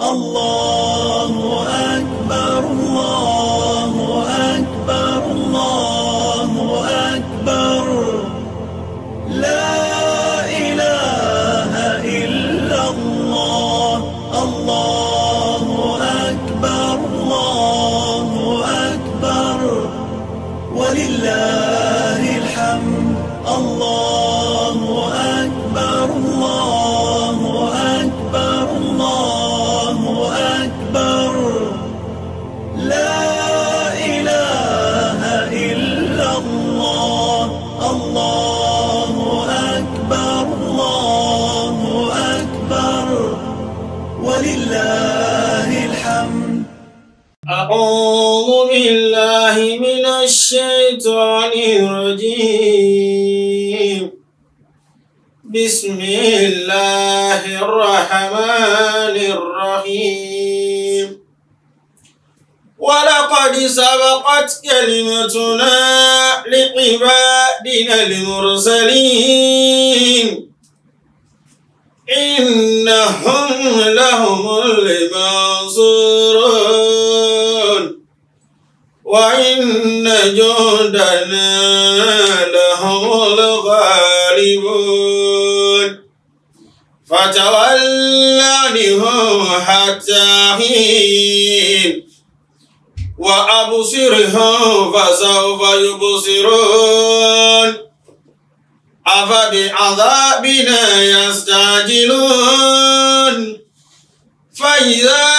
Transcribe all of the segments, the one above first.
الله أكبر بسم الله الرحمن الرحيم ولقد سبقت كلمتنا لعبادنا المرسلين إنهم لهم المنصورون وإن جندنا لهم الغالبون فتول عنهم حتى حين وأبصرهم فسوف يبصرون أفبعذابنا يستعجلون فإذا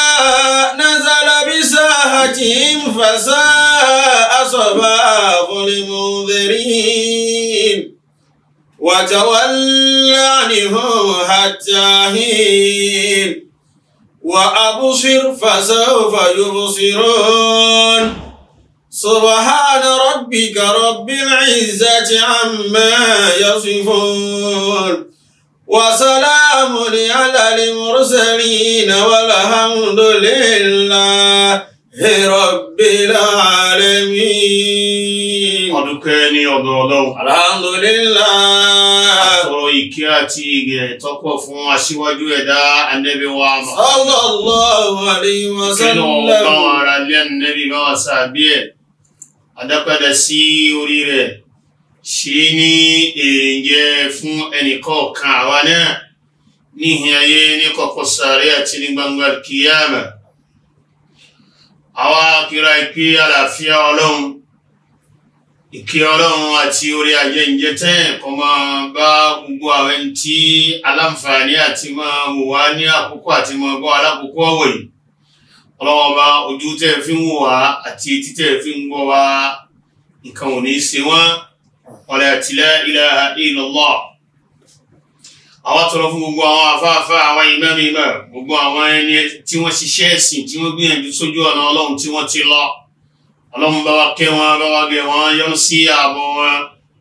نزل بساحتهم فساء صباح المنذرين وتول عنه حتى حين وأبصر فسوف يبصرون سبحان ربك رب العزة عما يصفون وسلام على المرسلين والحمد لله رب العالمين ọpẹ́ ní ọ̀dọ̀ ọlọ́run. alhamdulillah. àtọ̀rọ̀ ìkẹ́ àti ìgẹ̀ tọ́pọ̀ fún aṣíwájú ẹ̀dá anẹ́bí wa mọ̀. sallallahu alaihi wa sallam. kí ló ń bá wọn ara lé anẹ́bí bá wọn sàbí ẹ̀ adápadà sí orí rẹ̀ ṣe ní èrìǹjẹ fún ẹnìkọ̀ọ̀kan àwa náà níhìn ayé ní kọ̀kọ̀ sàárẹ̀ àti ní gbangba kìíyàmà àwa kíra ìpè àlàáfíà ọlọ́run ìkí ọlọ́run àti orí ajẹ́njẹ́ tẹ́yìn kan máa bá gbogbo àwọn ẹni tí aláǹfààní àti máa wò wá ní àkókò àti máa gbọ́ alákòókò ọ̀wọ̀ yìí ọlọ́run ọba ojú tẹ́ ẹ fi ń wò wá àti etí tẹ́ ẹ fi ń gbọ́ wá nǹkan ò ní í ṣe wọ́n ọ̀rẹ́ àtìlẹ́ ilaha illallah àwọn tọrọ fún gbogbo àwọn afáfá àwọn ìmẹ́rin mẹ́ gbogbo àwọn ẹni tí wọ́n ṣiṣẹ́ ẹ̀sìn tí wọ́n gbìyànjú sójú ọ̀nà ọlọ́run tí wọ́n ti lọ ọlọ́run bá wa kẹ́ wọn bá wa gẹ̀ wọn yọ́nú sí ààbọ̀ wọn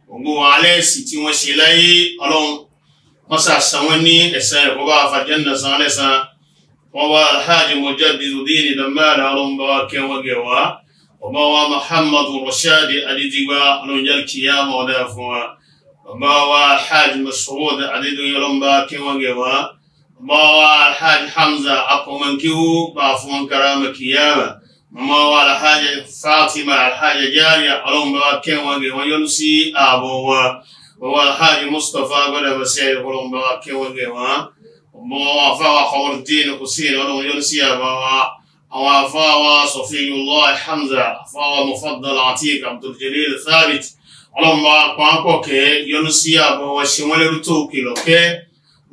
gbogbo wọn alẹ́ sì tí wọ́n ṣe láyé ọlọ́run wọ́n sà san wọ́n ní ẹ̀sán ẹ̀kọ́ bá àfàjẹ́nà san lẹ́sàn wọ́n wá alhaji Mujabbiruddin Dambara ọlọ́run bá wa kẹ́ wọn gẹ̀ wá ọba wa Muhammadu Rashidi Adigba ọlọ́run jẹ́ kíyà fún wa ọba wa alhaji Mas'ud Adédoyin ọlọ́run kẹ́ wọn gẹ̀ wá ọba wa alhaji Hamza akọ̀mọ̀kíwú bá fún karama kíyàmá. ما وعلى حاجة فاطمة على حاجة جارية علوم بواكين وانجل وينسي أبو وعلى حاجة مصطفى بلا بسير علوم بواكين وانجل وما وعفا وحور الدين حسين علوم يونسي أبو وعفا وصفي الله حمزة عفا مفضل عتيق عبد الجليل ثابت علوم بواكوكو ينسي يونسي أبو وشمولي رتوكي لوكي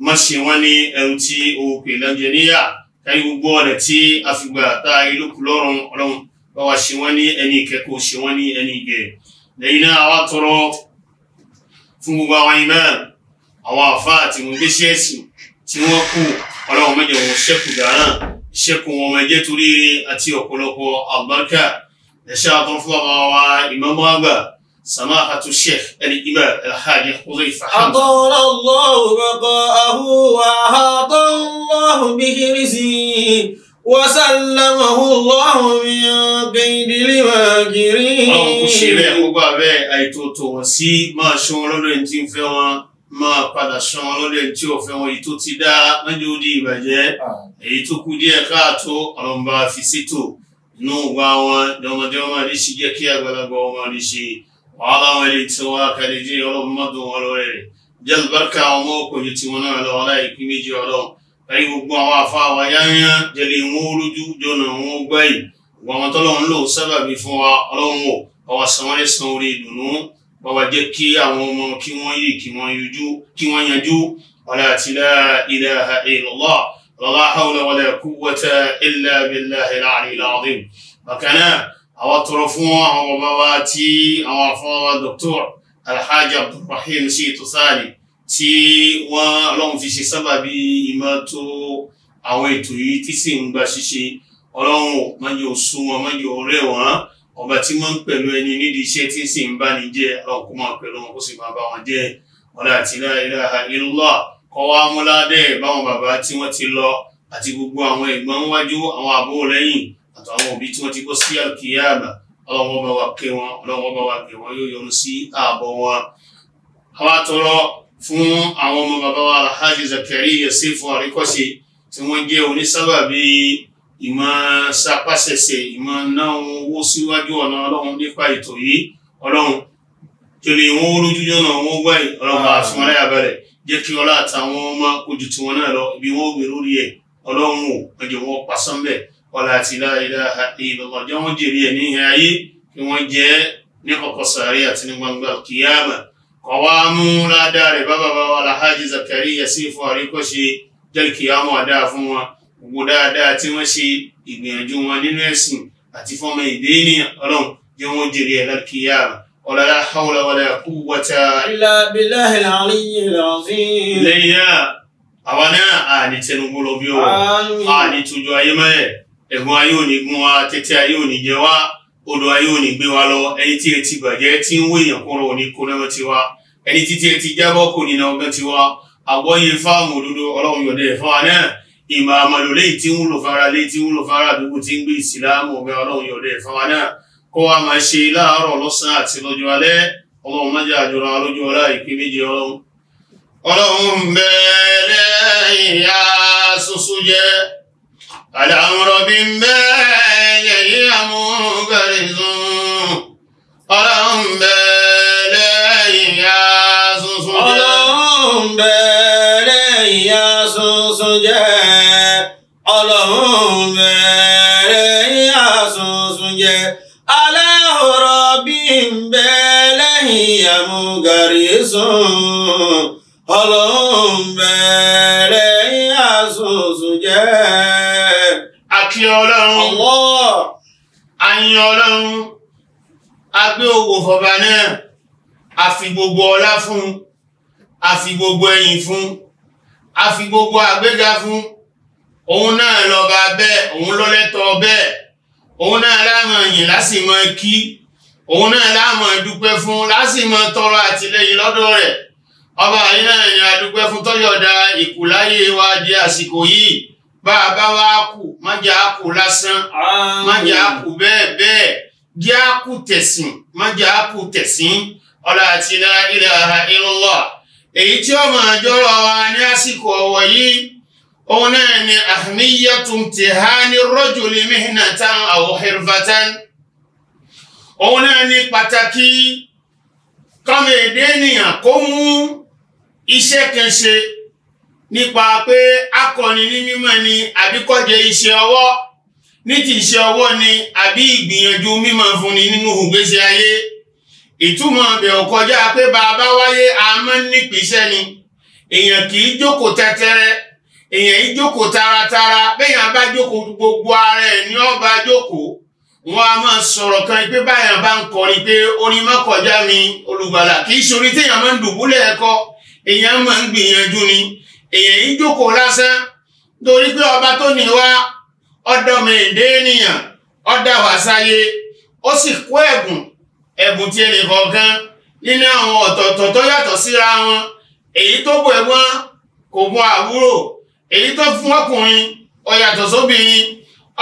مشيواني أوتي أوكي لنجنيا ẹni gbogbo ọ̀nà tí a fi gbà tá a rí lọ́rùn ọlọ́run bá wa ṣe wọ́n ní ẹni ìkẹ́kọ̀ọ́ ṣe wọ́n ní ẹni ìgẹ̀ lẹ́yìn náà àwa tọrọ fún gbogbo àwọn imam àwọn àfa àti wọn gbéṣẹ́ ẹ̀sìn tí wọ́n kù ọlọ́run mẹ́jọ wọn ṣẹ́kù dáná ìṣẹ́kù wọn mẹ́jẹ́ torí àti ọ̀pọ̀lọpọ̀ àbáríkà ẹ̀ṣẹ́ àtọ́ fún àwa ìmọ̀mọ́ àgbà سماحة الشيخ الإمام الحاج حذيفة أطال الله بقاءه وأحاط الله به رزقه وسلمه الله من قيد الماكرين. ọ̀hún kò ṣe bẹ́ẹ̀ gbogbo abẹ́ àìtòtò wọ́n sí máa ṣan padà ṣan wọn tí ò fẹ́ wọn èyí tó ti dá mẹ́jọ di ìbàjẹ́ èyí tó kù díẹ̀ káàtó ọ̀rọ̀ fi sétò inú wa wọn dọ́mọdé wọn máa rí ṣe jẹ́ kí àgbàlagbà wọn máa rí ṣe. وعظم سواك لجي ولمد ولولي جل بركة وموكو جتمنا لولاي كميجي ولوم أي gbogbo àwọn àfa wa yányá jẹlẹ wọn olójú jọnà wọn gbẹyìn wọn tọlọ́run lò sábàbí fún wa Ọlọ́run o ọwọ sanwóni san orí ìdùnnú bàbá jẹ kí àwọn ọmọ kí wọn yìí kí wọn yanjú kí wọn yanjú wàlá àtìlá ilaha illallah wàlá hawla wàlá quwwata náà àwa tọrọ fún àwọn bàbá wa tí àwọn afọwọ́ dr alhaji abdulrahim sí tosari tí wọ́n ọlọ́run fi ṣe sábàbí ìmọ̀ tó àwọn ètò yìí tí sì ń gba ṣíṣe ọlọ́run mọ́jọ sún wọn mọ́jọ ọ̀rẹ́ wọn ọba tí wọ́n ń pẹ̀lú ẹni nídìí iṣẹ́ tí sì ń bá ní jẹ́ ọlọ́run kó máa pẹ̀lú wọn kó sì máa bá wọn jẹ́ ọ̀la àti la ilaha kọ́ wa múlá báwọn bàbá tí wọ́n ti lọ àti gbogbo àwọn ẹ̀gbọ́n wájú àwọn àbúrò lẹ́yìn àtàwọn òbí tí wọ́n ti kó sí àkíyàmà ọlọ́run ọba wa kẹ́ wọn ọlọ́run ọba wa kẹ́ wọn yóò yọ́nú sí ààbọ̀ wọn. àwa tọrọ fún àwọn ọmọ bàbá wa alhaji Zakariya Sefu Àríkọ́ṣe tí wọ́n jẹ́ onísábàbí ìmọ̀ sapásẹsẹ̀ ìmọ̀ náà owó síwájú ọ̀nà ọlọ́run nípa ètò yìí ọlọ́run kele wọn olójú yọ̀nà wọn gbà yìí ọlọ́run bá fún aláyà jẹ́ kí ọlá àtàwọn ọmọ ojú tiwọn náà lọ ibi wọn ò gbèrú rí ẹ̀ ọlọ́run ò ọjọ́ wọn pàṣán bẹ́ẹ̀ ọlá àti láìlá ìbọ̀bọ̀ jẹ́ wọ́n jèrè ẹ̀mí ayé kí wọ́n jẹ́ ní kọ̀kọ̀ sàárẹ̀ àti ní gbangba kìyàmà kọwa mú ládá rẹ̀ bá bàbá wa alhaji zakariya sí fún àríkọ́ṣe jẹ́ kìyàmà àdá fún wọn gbogbo dáadáa tí wọ́n ṣe ìgbìyànjú wọn nínú ẹ̀sìn àti fọ́mọ ìdí ọlọ́run jẹ́ wọ́n jèrè ẹ̀ lálkìyàmà ولا حول ولا قوة إلا بالله العلي العظيم lẹ́yìn náà àwa náà àní tẹnugbó lọ bí ó àní tójú ayé mẹ́ẹ̀ ẹ̀gún ayé ò ní gún wa tẹ́tẹ́ ayé ò ní jẹ wá odò ayé ò ní gbé wa lọ ẹni tí ẹ ti bàjẹ́ tí ń wéèyàn kúrò ò ní kó lọ́wọ́ tiwa ẹni títí ẹ ti jábọ́ kò ní náà gan tiwa àgbọ́yé fáàmù òdodo ọlọ́run yọ̀dẹ̀ fún wa náà ìmọ̀ àmàlò léyìí tí ń wúlò fara léyìí tí ń wúlò fara àdúgbò tí ń gbé ìsìlámù ọ̀gá ọlọ́run yọ̀dẹ̀ fún wa náà kó wa máa ṣe láàárọ̀ lọ́sàn-án àti lọ́jọ́ alẹ́ ọlọ́run má jẹ́ àjọra ọlá ìpín méje ọlọ́run ọlọ́run bẹ́ẹ̀ lẹ́yìn asúnṣú jẹ́ الأمر بالبال يم برز ọlọ́run bẹ̀rẹ̀ ìyá sunsun jẹ́. ọlọ́run bẹ̀rẹ̀ ìyá sunsun jẹ́. ọlọ́run bẹ̀rẹ̀ ìyá sunsun jẹ́. aláhùrọ̀ bí ń bẹ̀rẹ̀ ìyá mú gàrí sùn ọlọ́run bẹ̀rẹ̀ àsòsò jẹ́. àkí ọlọ́run ọwọ́ àyìn ọlọ́run agbé òwò fọba náà a fi gbogbo ọlá fún a fi gbogbo ẹyìn fún a fi gbogbo àgbéga fún òun náà lọ́ba bẹ́ẹ̀ òun lọ́lẹ́tọ̀ bẹ́ẹ̀ òun náà láàmú ẹ̀yìn lásìmọ̀ kí òun náà láàmú ẹ̀dúpẹ́ fún lásìmọ̀ tọrọ àtìlẹ́yìn lọ́dọ̀ rẹ̀ ọba yìí náà ni adúpẹ́ fún tọ́yọ̀dá ìkùláyé wa di àsìkò yìí bá a bá wá kù má jẹ́ a kù lásán má jẹ́ a kù bẹ́ẹ̀ bẹ́ẹ̀ jẹ́ a kù tẹ̀sìn má jẹ́ a kù tẹ̀sìn ọ̀la àti la ilaha illallah èyí tí ó máa jọrọ wa ní àsìkò ọ̀wọ̀ yìí òun náà ni ahmiyatu imtihani rajuli mihnatan aw hirfatan òun náà ni pàtàkì kọ́mọ kó mú iṣẹ́ kan ṣe nípa pé akọni ní mímọ́ ni àbí kọ́jẹ iṣẹ́ ọwọ́ ní ti iṣẹ́ ọwọ́ ni àbí ìgbìyànjú mímọ́ fúnni nínú ìgbésí ayé ìtumọ̀ ọbẹ̀ ò kọjá pé bàbá wáyé a máa ni èèyàn kì í jókòó tẹ́tẹ́rẹ́ èèyàn yìí jókòó taratara béèyàn bá jókòó gbogbo ara ẹ̀ ní ọba jókòó wọn a máa sọ̀rọ̀ kan pé báyàn bá ń kọrin pé orin mọ́kọjá mi olùgbàlà kì í ṣorí téèyàn máa ń dùbúlẹ̀ ẹ̀kọ́ èèyàn máa ń gbìyànjú ni èèyàn yìí jókòó lásán torí pé ọba tó ní wá ọdọ ọmọ èdè ènìyàn ọdà wá sáyé ó sì kó ẹ̀bùn ẹ̀bùn tí ẹnì kọ̀ọ̀kan nínú àwọn ọ̀tọ̀ọ̀tọ̀ tó yàtọ̀ síra wọn èyí tó bọ̀ ẹ̀gbọ́n kò bọ̀ àbúrò èyí tó fún ọkùnrin ó yàtọ̀ sóbìnrin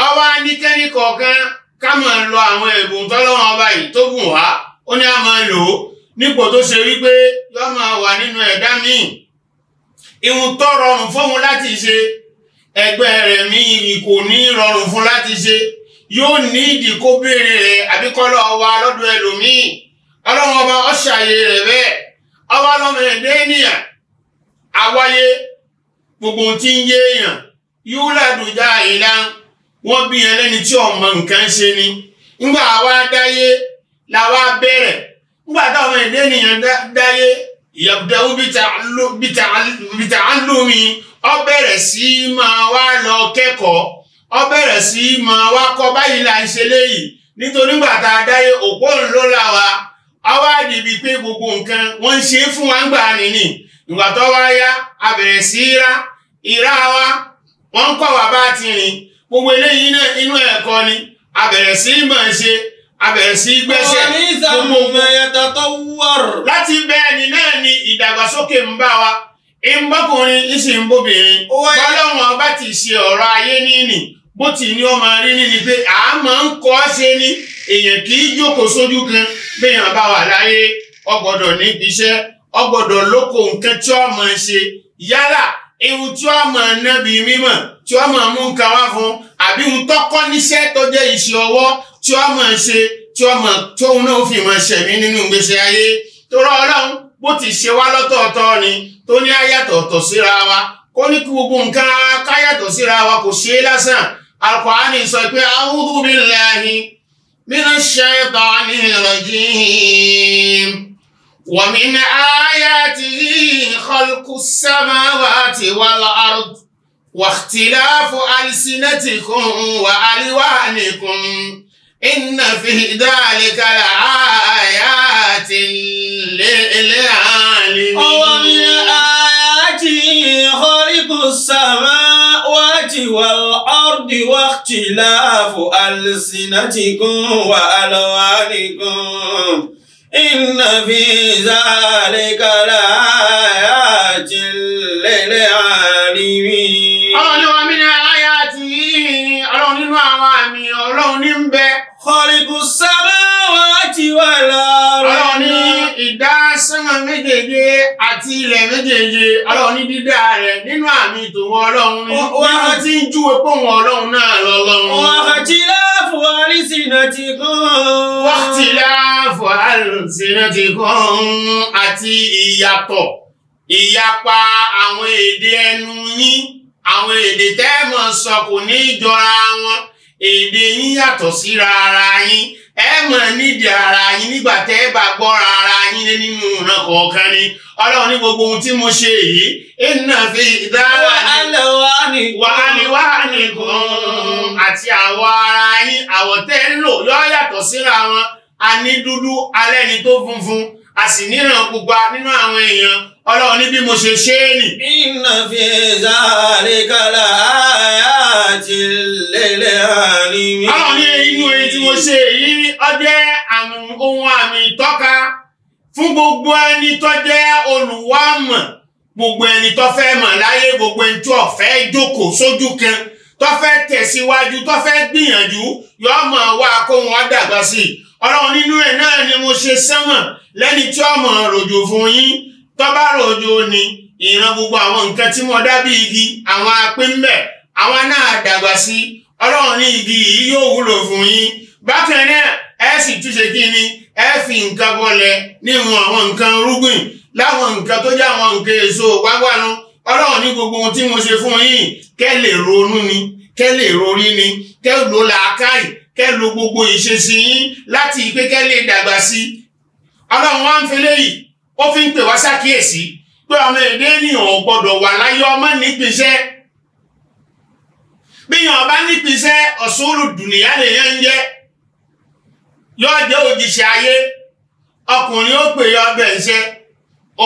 ọwọ́ anikẹ́ni kọ̀ọ̀kan ká máa lo àwọn ẹ̀bùn tọ́lọ́wọ́n ọba yìí tó gùn wá ó ní a máa nípò tó ṣe wípé yọ́ wà nínú ẹ̀dá míì ihun tó rọrùn láti ṣe ẹgbẹ́ rẹ̀ míì kò ní rọrùn fún láti ṣe yóò ní ìdí kó rẹ̀ àbí kó lọ́dún ẹlòmíì ọlọ́run ọba ọ̀ṣàyè rẹ̀ bẹ́ẹ̀ ọba lọ́mọ ẹ̀dá ènìyàn àwáyé gbogbo tí ń yé èèyàn yóò ìlà wọn bí ẹlẹ́ni tí ọmọ nǹkan nígbà táwọn èdè ènìyàn dáyé ìyàbùdáwó bìtà alómi ó bẹ̀rẹ̀ sí máa wá lọ kẹ́kọ̀ọ́ ó bẹ̀rẹ̀ sí máa wá kọ́ báyìí là ṣe léyìí nítorí nígbà tá a dáyé òpó ńlọ là wa àwa dìbì pé gbogbo nǹkan wọ́n ń ṣe fún wa ń gbà nìní ìgbà tó wá yá a bẹ̀rẹ̀ sí ra ìra wa wọ́n ń kọ́ wa bá ti rìn gbogbo eléyìí inú ẹ̀kọ́ ni a bẹ̀rẹ̀ sí máa ṣe abẹ̀rẹ̀ sí í gbẹ́sẹ̀ gbogbo ogun láti bẹ́ẹ̀ ni náà ni ìdàgbàsókè ń bá wa ìmbọ́kùnrin ìsì ń bóbìnrin bọ́lọ́wọ́n ọba ti ṣe ọ̀rọ̀ ayé níní bó ti ní ọmọ rí níní pé a máa ń kọ́ ṣe ni èèyàn kì í jókòó sójú kan béèyàn bá wà láyé ó gbọ́dọ̀ níbi iṣẹ́ ó gbọ́dọ̀ lóko nǹkan tí ó máa ṣe yálà ihun tí ó máa nábi mímọ̀ tí ó máa mú nǹkan wá fún àbí ohun tọ́kọ́ níṣẹ́ tó jẹ́ iṣẹ́ ọwọ́ tí ó máa ṣe tí ó máa tóun náà fi máa ṣẹ̀mí nínú ìgbésí ayé tó rọ ọlọ́run bó ti ṣe wá lọ́tọ̀ọ̀tọ̀ ni tó ní ayàtọ̀ọ̀tọ̀ síra wa kó ní kí gbogbo nǹkan káyàtọ̀ síra wa kò ṣe é lásán Al-Qur'ani sọ pé a'udhu billahi minash shaytanir rajim wa min ayatihi khalqus samawati wal ard wa ikhtilafu alsinatikum wa alwanikum inna fi dhalika la ayatin lil alimin. ọwọ́ mi ayati khaliqu samawati wal ardi wa ikhtilafu alsinatikum wa alwanikum inna fi dhalika la ayatin lil alimin. ọlọ́run ní wàá mi ní ayati ọlọ́run nínú àwọn àmì ọlọ́run ní ń bẹ kọ́líkù sámáwáàtì wà láàárọ̀. ọlọ́run ní ìdá sánmà méjèèje àti ilẹ̀ méjèèje ọlọ́run ní dídá rẹ̀ nínú àmì tòun ọlọ́run ní wọ́n ti ń júwe pòun ọlọ́run náà lọ́lọ́run. wọ́n ti láàfù alísìnàtìkún. wọ́n ti láàfù alísìnàtìkún àti ìyàtọ̀ ìyapa àwọn èdè ẹnu yín àwọn èdè tẹ́ sọ kò ní jọra wọn èdè yín yàtọ̀ síra ara yín ẹ mọ̀ nídìí ara yín nígbà tẹ́ ẹ bá gbọ́ra ara yín lé nínú ìran kọ̀ọ̀kan ni ọlọ́run ní gbogbo ohun tí mo ṣe yìí iná fi ìdára ni wàhánìwá nìkan àti àwọ̀ ara yín àwọ̀ tẹ́ ń lò yọ yàtọ̀ síra wọn a ní dúdú alẹ́ ni tó funfun a sì níran pupa nínú àwọn èèyàn ọlọ́run ní bí mo ṣe ṣe é nì. iná fi sáré kálá àyà àti lélẹ̀ àlìmí. ọlọ́run ní inú èyí tí mo ṣe èyí ọjẹ́ ohun àmì ìtọ́ka fún gbogbo ẹni tó jẹ́ olùwàmọ̀ gbogbo ẹni tó fẹ́ mọ̀ láyé gbogbo ẹni tó fẹ́ jókòó sójú kan tó fẹ́ tẹ̀síwájú tó fẹ́ gbìyànjú yóò mọ̀ wá kóhun ó dàgbà sí i ọlọ́run nínú ẹ̀ náà ni mo ṣe sánmọ̀ lẹ́ni tí ó mọ̀ fún yín tọ́ba rojo ni ìran gbogbo àwọn nǹkan tí mo dá bí igi àwọn apín bẹ̀ àwọn náà dàgbà sí ọlọ́run ní igi yìí yóò wúlò fún yín bákan náà ẹ sì túnṣe kí ni ẹ fi nǹkan bọlẹ̀ níwọn àwọn nǹkan rúgbìn láwọn nǹkan tó jẹ́ àwọn nǹkan èso wáwánu ọlọ́run ní gbogbo ohun tí mo ṣe fún yín kẹ́ lè ronú ni kẹ́ lè rorí ni kẹ́ lò làákàyè kẹ́ lo gbogbo ìṣesí yín láti pé lè dàgbà sí ọlọ́run wá ń fi léyìí ó fi ń pè wá ṣàkíyèsí pé ọmọ èdè ènìyàn ò gbọdọ̀ wà láyé ọmọ nípìnṣẹ́ bíyàn ọba nípìnṣẹ́ ọ̀ṣọ́rù dùnìyà lèyàn ń jẹ́ yóò jẹ́ òjìṣẹ́ ayé ọkùnrin ó pè yọ ọbẹ̀ ńṣẹ́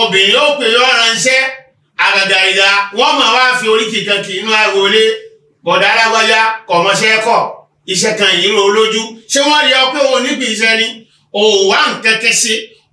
obìnrin ó pè yọ ọ̀ràn ńṣẹ́ àgàgà ìdá wọ́n mọ̀ wá fi oríkì kan kì í nú bọ̀dá alágbájá kọ̀mọ́ṣẹ́ kọ̀ iṣẹ́ kan ìrìn olójú ṣé wọ́n rí ọ pé òun nípìnṣẹ́ ni òun wá nǹkan kẹ́sẹ́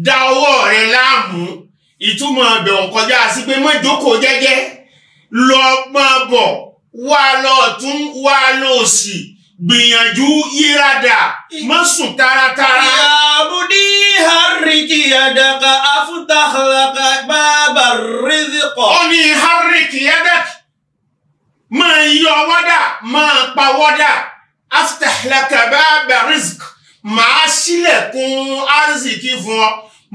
da ọwọ́ rẹ láàmú ìtumọ̀ ọ̀bẹ̀ ọ̀kọjá sí pé má jókòó jẹ́jẹ́ lọ máa bọ̀ wá lọ tún wá lọ sí gbìyànjú yírádà má sùn tààràtààrà. yàbùdí harriki yadaka afutahlaka bàbà rizikọ. ó ní harriki yadaka máa yọ wọ́dà máa pa wọ́dà afutahlaka bàbà rizikọ màá ṣílẹ̀kùn arzikí fún ọ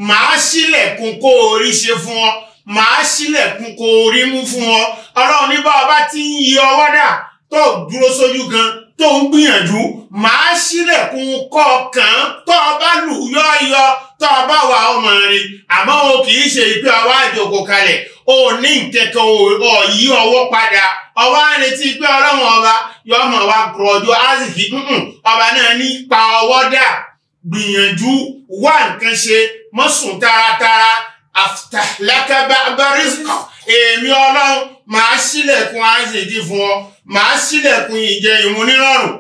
màá ṣílẹ̀kùn kó orí ṣe fún ọ màá ṣílẹ̀kùn kó orí mú fún ọ ọlọ́run ní bá ọba ti ń yí ọwọ́ dà tó dúró sójú gan tó ń gbìyànjú màá sílẹ̀kùn kọ̀ọ̀kan tó o bá lù yọ́yọ́ tó o bá wà ọmọ rẹ àmọ́ o kì í ṣe ìpè ọwọ́ àjòkò kalẹ̀ o ní nkẹ́kẹ́ o yí ọwọ́ padà ọwọ́ àrètí pé ọlọ́wọ́n ọba yọ ọmọ wa gbọ́dọ̀ azìkí ọba náà ní pa ọwọ́ dà gbìyànjú wá nǹkan ṣe mọ́sùn taratara àfitàlákàbà abẹ́rẹ́sìkọ̀ èmi ọlọ́run màá sílẹ̀kùn azìkí fún ọ màá sílẹ̀kùn ìjẹ ìmúnírọ̀rùn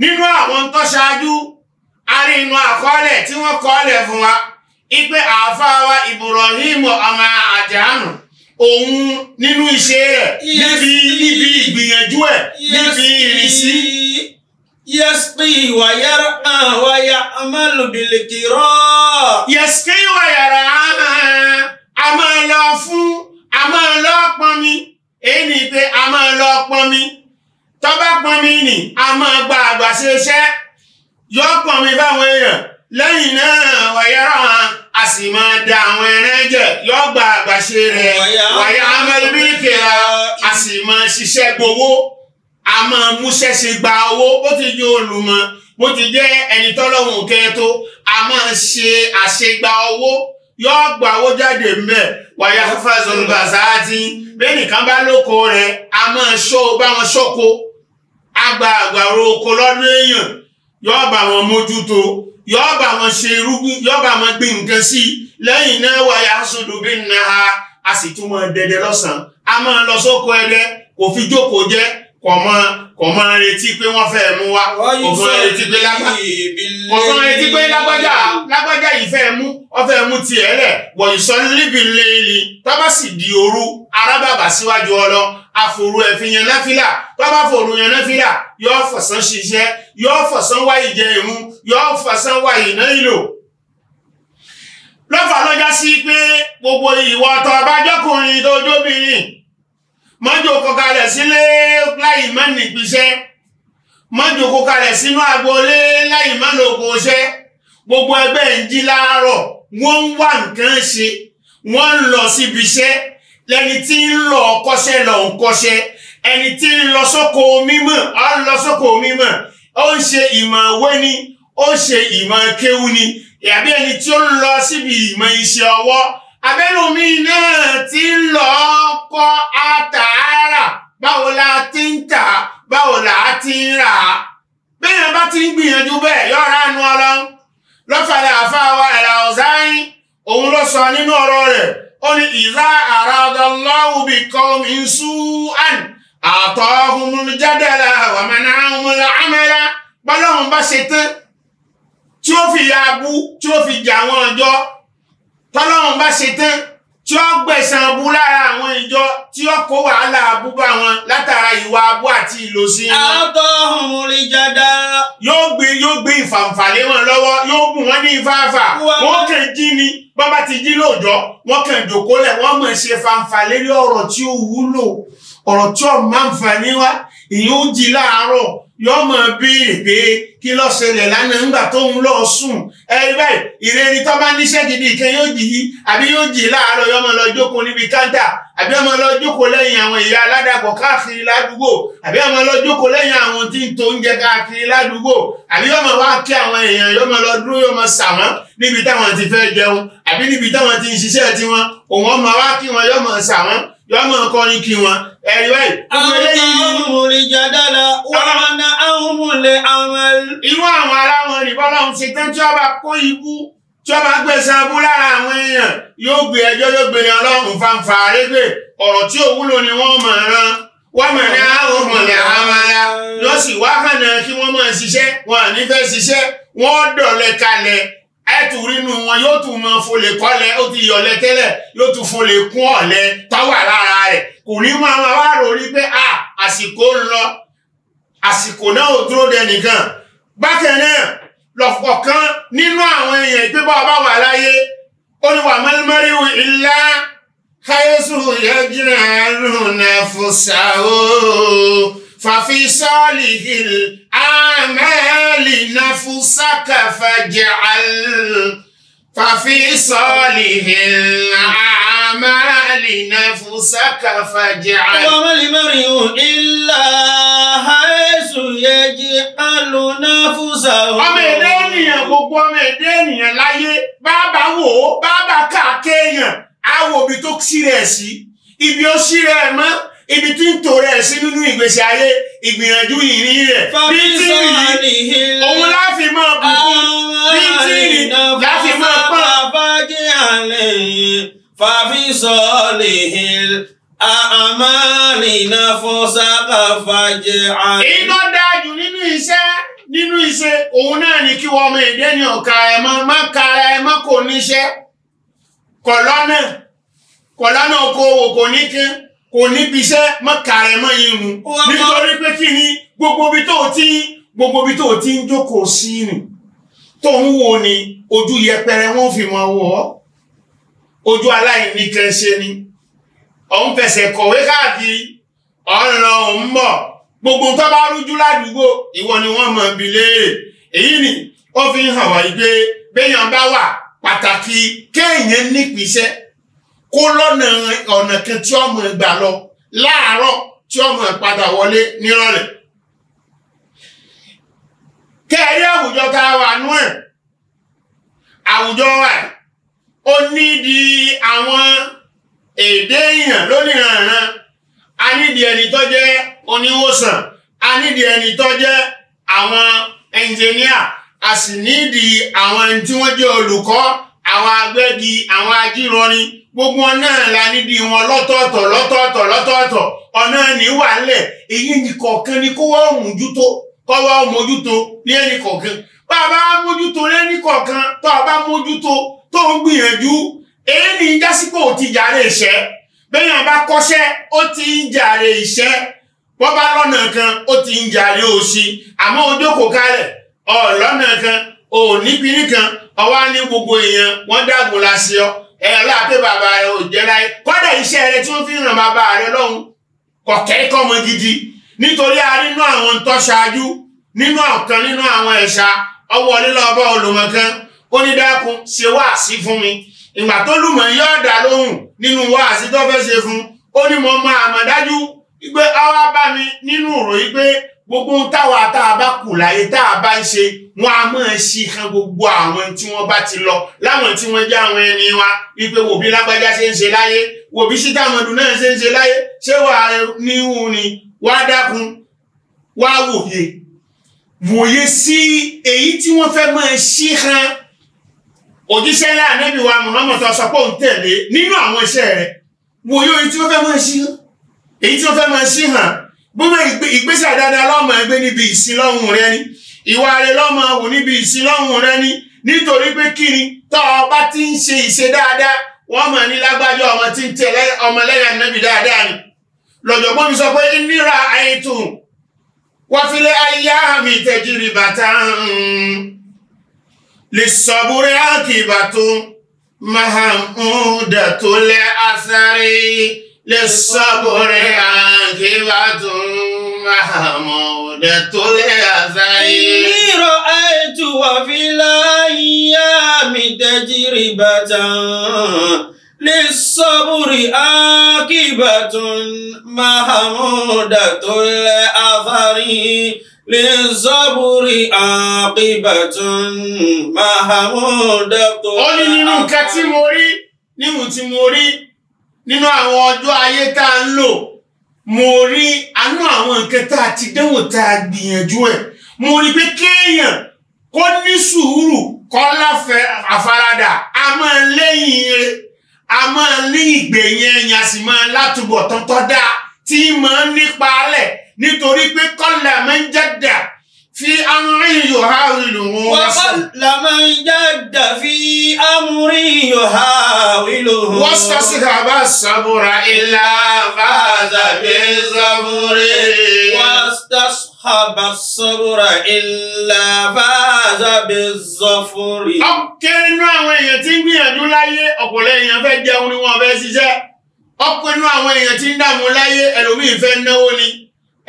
nínú àwọn tó ṣáájú arí inú àkọọ́lẹ̀ tí wọ́n kọ́ọ́lẹ̀ fún wa ipe àáfàá wa Ibrahim ọmọ àjàánù òun nínú iṣẹ́ rẹ̀ níbi níbi ìgbìyànjú ẹ̀ níbi ìrísí. yẹ́sìkì wà yára wà yá amálùbìlìkìrọ́. yẹ́sìkì wà yára a máa lọ fún a máa lọ pọnmi èyí ni pé a máa lọ pọnmi pọn mi nì a máa gba àgbà ṣe iṣẹ́ yọ pọn mi fáwọn èèyàn lẹ́yìn náà wàyẹ́rọ̀ hàn a sì máa da àwọn ẹran jẹ yọ gba àgbà ṣe rẹ̀ wàyẹ́ amẹ́lú mílíkì rà a sì máa ṣiṣẹ́ gbowó a máa múṣẹ́ ṣe gba owó ó ti di olùmọ̀ bó ti jẹ́ ẹni tọ́lọ́hùn kẹ́ẹ́tó a máa ṣe àṣegba owó yóò gba owó jáde mbẹ wàyà fífà zọlùbà sáà bẹ́ẹ̀ nìkan bá lóko rẹ̀ a máa ṣó báwọn ṣóko agba àgbàro oko lọ́dún èèyàn yóò bá wọn mójútó yóò bá wọn ṣe irúgbìn yóò bá wọn gbin nǹkan sí i lẹ́yìn náà wáyà sódòbí nà á a sì tún mọ dẹdẹ lọ́sàn-án a máa lọ sóko ẹdẹ kò fi jókòó jẹ kò mọ kò mọ retí pé wọ́n fẹ́ mú wa kò mọ retí pé lágbájá lágbájá yìí fẹ́ mú ọfẹ́ mú tiẹ̀ lẹ̀ wọ̀nyí sọ níbi lẹ́yìn tọ́ba sì di òru arábàbà síwájú ọlọ́ àfòrò ẹ̀fìyàn lẹ́fílà tó bá fòrò yẹn lẹ́fílà yóò fọ̀sán ṣiṣẹ́ yóò fọ̀sán wá ìjẹ ìrun yóò fọ̀sán wá ìná ìlò. lọ́fà lọ́jà sí pé gbogbo ìwà ọ̀tọ̀ abájọ́kùnrin tó jóbìnrin mọ́jò kọkalẹ̀ sílé láì má nìpìṣẹ́ mọ́jò kọkalẹ̀ sínú agboolé láì má lóko ṣẹ́ gbogbo ẹgbẹ́ ń jí láàárọ̀ wọ́n ń wá nǹkan ṣe wọ́n ń lọ síbi iṣẹ́ lẹni tí ń lọ kọ́ṣẹ́ lọ ń kọ́ṣẹ́ ẹni tí ń lọ sóko mímọ̀ á lọ sóko mímọ̀ ó ń ṣe ìmọ̀ òwe ni ó ń ṣe ìmọ̀ kéwu ni àbí ẹni tí ó ń lọ síbi ìmọ̀ iṣẹ́ ọwọ́ abẹ́lómi náà ti ń lọ kọ́ àtàárà báwo la ti ń tà báwo la ti ń rà bẹ́ẹ̀ bá ti ń gbìyànjú bẹ́ẹ̀ yọ̀ọ́ra nu ọlọ́run lọ́fàlẹ̀ àfa wa ẹ̀rà ọ̀záyìn òun ló sọ nínú ọ̀rọ̀ rẹ̀ ó ní ìlà àràdàlọ́wù bí kan ìṣú àn àtọ̀ ọ̀hún jádàlá wàmánà ọ̀hún làmẹ́lá bọ́lọ́hún bá ṣe tán tí fi yà bú tí fi jà wọ́n jọ tọ́lọ́hún bá tí ó gbẹ̀sán abú lára àwọn ìjọ tí ó kó wàhálà abú bá wọn látara ìwà abú àti ìlòsí wọn. àtọ́ ọ̀hún rí jáde. yóò gbé yóò gbé ìfàǹfàlẹ́ wọn lọ́wọ́ yóò bù wọ́n ní ìfáàfà wọ́n kàn jí ni bàbá ti jí lóòjọ́ wọ́n kàn jòkólẹ̀ wọ́n mọ̀ ṣe fàǹfàlẹ́ lé ọ̀rọ̀ tí ó wúlò ọ̀rọ̀ tí ó máa ń fà ní wa ìyóò jí láàárọ̀ yóò mọ bíìrì pé kí ló ṣẹlẹ̀ lánàá ńgbà tóun lọ sùn ẹrí báyìí ìrẹ́ni tó bá níṣẹ́ gidi ìkẹ́ yóò jì í àbí yóò jì í láàárọ̀ yóò mọ lọ jókòó níbi káńtà àbí ọmọ lọ jókòó lẹ́yìn àwọn ìyá aládàpọ̀ káàkiri ládùúgbò àbí ọmọ lọ jókòó lẹ́yìn àwọn tí ń to oúnjẹ káàkiri ládùúgbò àbí ọmọ wá kí àwọn èèyàn yóò mọ lọ dúró yóò mọ sà níbi táwọn ti fẹ́ jẹun àbí níbi táwọn ti ń ṣiṣẹ́ yọmọ kọrin kí wọn ẹrí báyìí. àwọn ọmọ rẹ jàdálà wọn na àwọn ọmọ rẹ àwọn. irú àwọn aláwọn ní bọ́lá ń ṣe tán tí wọ́n bá kó ibú tí wọ́n bá gbèsè abú lára àwọn èèyàn yóò gbé ẹjọ́ yóò gbé ọlọ́run fanfa àrégbè ọ̀rọ̀ tí ò wúlò ni wọ́n mọ̀ ọ́n wọ́n mọ̀ ní àwọn ọmọ àwọn ará yóò sì kí wọ́n máa ṣiṣẹ́ wọn à fẹ́ ṣiṣẹ́ wọ́n dọ̀lẹ́ kalẹ̀ ẹ tù rínú wọn yóò tún mọ folè kọlẹ ó ti yọlẹ tẹ́lẹ̀ yóò tún folè kún ọ̀lẹ táwà lára rẹ̀ kò ní máa máa wá rò rí pé à àsìkò ń lọ àsìkò náà ò dúró de nìkan bákan náà lọ́kọ̀ọ̀kan nínú àwọn èèyàn ìpé bá ọba wà láyé ó ní wà mọ́lẹ́mọ́ríwò ilá káyọ́sùn yẹ́gìrì àrùn náà fò sáà ooo. ففي صالح الأعمال نفسك فاجعل ففي صالح الأعمال نفسك فاجعل وما المرء إلا حيث يجعل نفسه ọmọ èdè ènìyàn gbogbo ọmọ èdè ènìyàn láyé bàbá wò ó bàbá káàkéèyàn á wo ibi tó ṣí rẹ̀ sí ibi ó ṣí rẹ̀ mọ́ ibi tí ń tò rẹ̀ sí nínú ìgbésí ayé ìgbìyànjú ìrìn rẹ̀ bí tí ìrìn òun láfi máa bùkún bí tí ìrìn láfi máa pọ́n. fàfi sọ̀ọ́lì hìl àmàlìnà fún sákàfàjẹ́ àná. ìtọ́ dájú nínú iṣẹ́ nínú iṣẹ́ òun náà ni kí wọ́n ọmọ ìdẹ́ni ọ̀ka ẹ̀ mọ́ má ka ara ẹ̀ mọ́ kò níṣẹ́ kọ̀lọ́nà kọ̀lọ́nà okòwò kò ní kí kò níbi iṣẹ́ mọ́kàrẹ́ mọ́ irun nítorí pé kí ni gbogbo ibi tó ti gbogbo ibi tó ti ń jókòó sí nù tó ń wo ni ojú yẹpẹrẹ wọn fi mọ wọ ojú aláìní kẹsẹ ni òun fẹsẹ̀ kọ̀wé káàkiri ọ̀ràn òun mọ̀ gbogbo tó bá rújú ládùúgbò ìwọ ni wọ́n mọ̀ bí èyí ni ó fi hàn wáyé pé béèyàn bá wà pàtàkì kéèyàn nípìnṣẹ́ kó lọ́nà ọ̀nà kan tí ọmọ gbà lọ láàárọ̀ tí ọmọ padà wọlé nírọ̀lẹ́ kẹrí àwùjọ tá a wà nú ẹ̀ àwùjọ wa ó nídìí àwọn èdè èèyàn lónìrànràn a nídìí ẹni tó jẹ́ oníwòsàn a nídìí ẹni tó jẹ́ àwọn ẹnjìníà a sì nídìí àwọn ẹni tí wọ́n jẹ́ olùkọ́ àwọn agbẹ́gi àwọn ajínrọrin gbogbo wọn náà la nídìí wọn lọ́tọ̀ọ̀tọ̀ lọ́tọ̀ọ̀tọ̀ lọ́tọ̀ọ̀tọ̀ ọ̀nà ní wà ńlẹ̀ èyí nìkọ̀ọ̀kan ni kó wá mójútó kó wá mójútó ní ẹnì kọ̀ọ̀kan bá a bá mójútó lẹ́nì kọ̀ọ̀kan tó a bá mójútó tó ń gbìyànjú èyí ni jásípò ti jàre ìṣẹ́ bẹ́yàn bá kọ́ṣẹ́ ó ti ń jàre ìṣẹ́ wọ́n bá lọ́nà kan ó ti ń jàre òṣì àmọ́ ojókòó kalẹ̀ ọ̀ lọ́nà kan ò nípínlẹ̀ kan ọwọ́ á ní gbogbo èèyàn wọ́n dàgbò láṣìọ́ ẹ̀rọ àti bàbá rẹ ò jẹ́ láyé kọ́dà iṣẹ́ rẹ tí wọ́n fi ń ràn bàbá rẹ lọ́hùn kọ̀kẹ́ kọ́mọ gidi nítorí a nínú àwọn ń tọ́ṣáájú nínú ọ̀kan nínú àwọn ẹ̀ṣà ọwọ́ lílọ́ọ̀bá olùmọ̀kan ó ní dákun ṣe wáàsí fún mi ìgbà tó lùmọ̀ yóò dá lóhùn nínú wáàsí tó fẹ́ ṣe fún ó ní mo máa mọ̀ dájú pé ọwọ́ bá mi nínú ìròyìn pé gbogbo táwa tá a bá kù láyé tá a bá ń ṣe wọn a máa ṣe kan gbogbo àwọn tí wọn bá ti lọ láwọn tí wọn jẹ àwọn ẹni wa wípé wòbí lágbájá ṣe ń ṣe láyé wòbí síta àmọdù náà ṣe ń ṣe láyé ṣé wàá níhùn ni wàá dákun wàá wòye wòye sí èyí tí wọn fẹ́ máa ṣe kan òjíṣẹ́ ńlá ànábì wa Muhammad sọ pé òun tẹ̀lé nínú àwọn iṣẹ́ rẹ̀ wòye èyí tí wọn fẹ́ máa ṣe hàn èyí tí wọn fẹ́ máa ṣe hàn gbogbo ìgbésẹ̀ àdáni aláwọ̀ ẹgbẹ́ níbi ìsìn lọ́hùn rẹ ni ìwà rẹ lọ́mọ wò níbi ìsìn lọ́hùn rẹ ni nítorí pé kíni tọ́ ọ bá ti ń ṣe ìṣe dáadáa wọ́n mọ̀ ní lágbájá ọmọ tí ń tẹ̀lé ọmọlẹ́yìn ànábì dáadáa ni lọ́jọ̀gbọ́n mi sọ pé nira àìtùn wáfílẹ̀ ayé àmì ìtẹ̀jìrì bàtà lè sọ̀bùrẹ́ àkìbàtún mahamudatulẹ̀ asáré. للصبر عاقبة محمودة الأزاي إني رأيت وفي الأيام تجربة للصبر عاقبة محمودة الأثر lẹ́sọ̀bùrì àkìbàtún mahamudatu. ó ní nínú nǹkan tí mo rí nínú tí mo rí nínú àwọn ọjọ́ ayé tá a ń lò mo rí àánú àwọn nǹkan tá a ti dánwò tá a gbìyànjú ẹ̀ mo rí pé kéèyàn kó ní sùúrù kó láfẹ́ àfaradà a máa lẹ́yìn rẹ̀ a máa ní ìgbẹ̀yìn ẹ̀yìn a sì máa látúbọ̀ tọ́tọ́ dá tí máa ń nípa alẹ̀ nítorí pé kọ́lá máa ń jáde fi amúrin yòhá rìn lòun. wọ́n kọ́lá máa ń jáde fi amúrin yòhá. واستسحب الصبر إلا فاز بالصبر واستصحب الصبر إلا فاز بالظفر. ọ̀kẹ́ inú àwọn èèyàn tí ń gbìyànjú láyé ọ̀pọ̀lọ́ èèyàn fẹ́ jẹun ni wọ́n fẹ́ ṣiṣẹ́ ọ̀pọ̀ inú àwọn èèyàn tí ń dààmú láyé ẹlòmíì fẹ́ náwó ni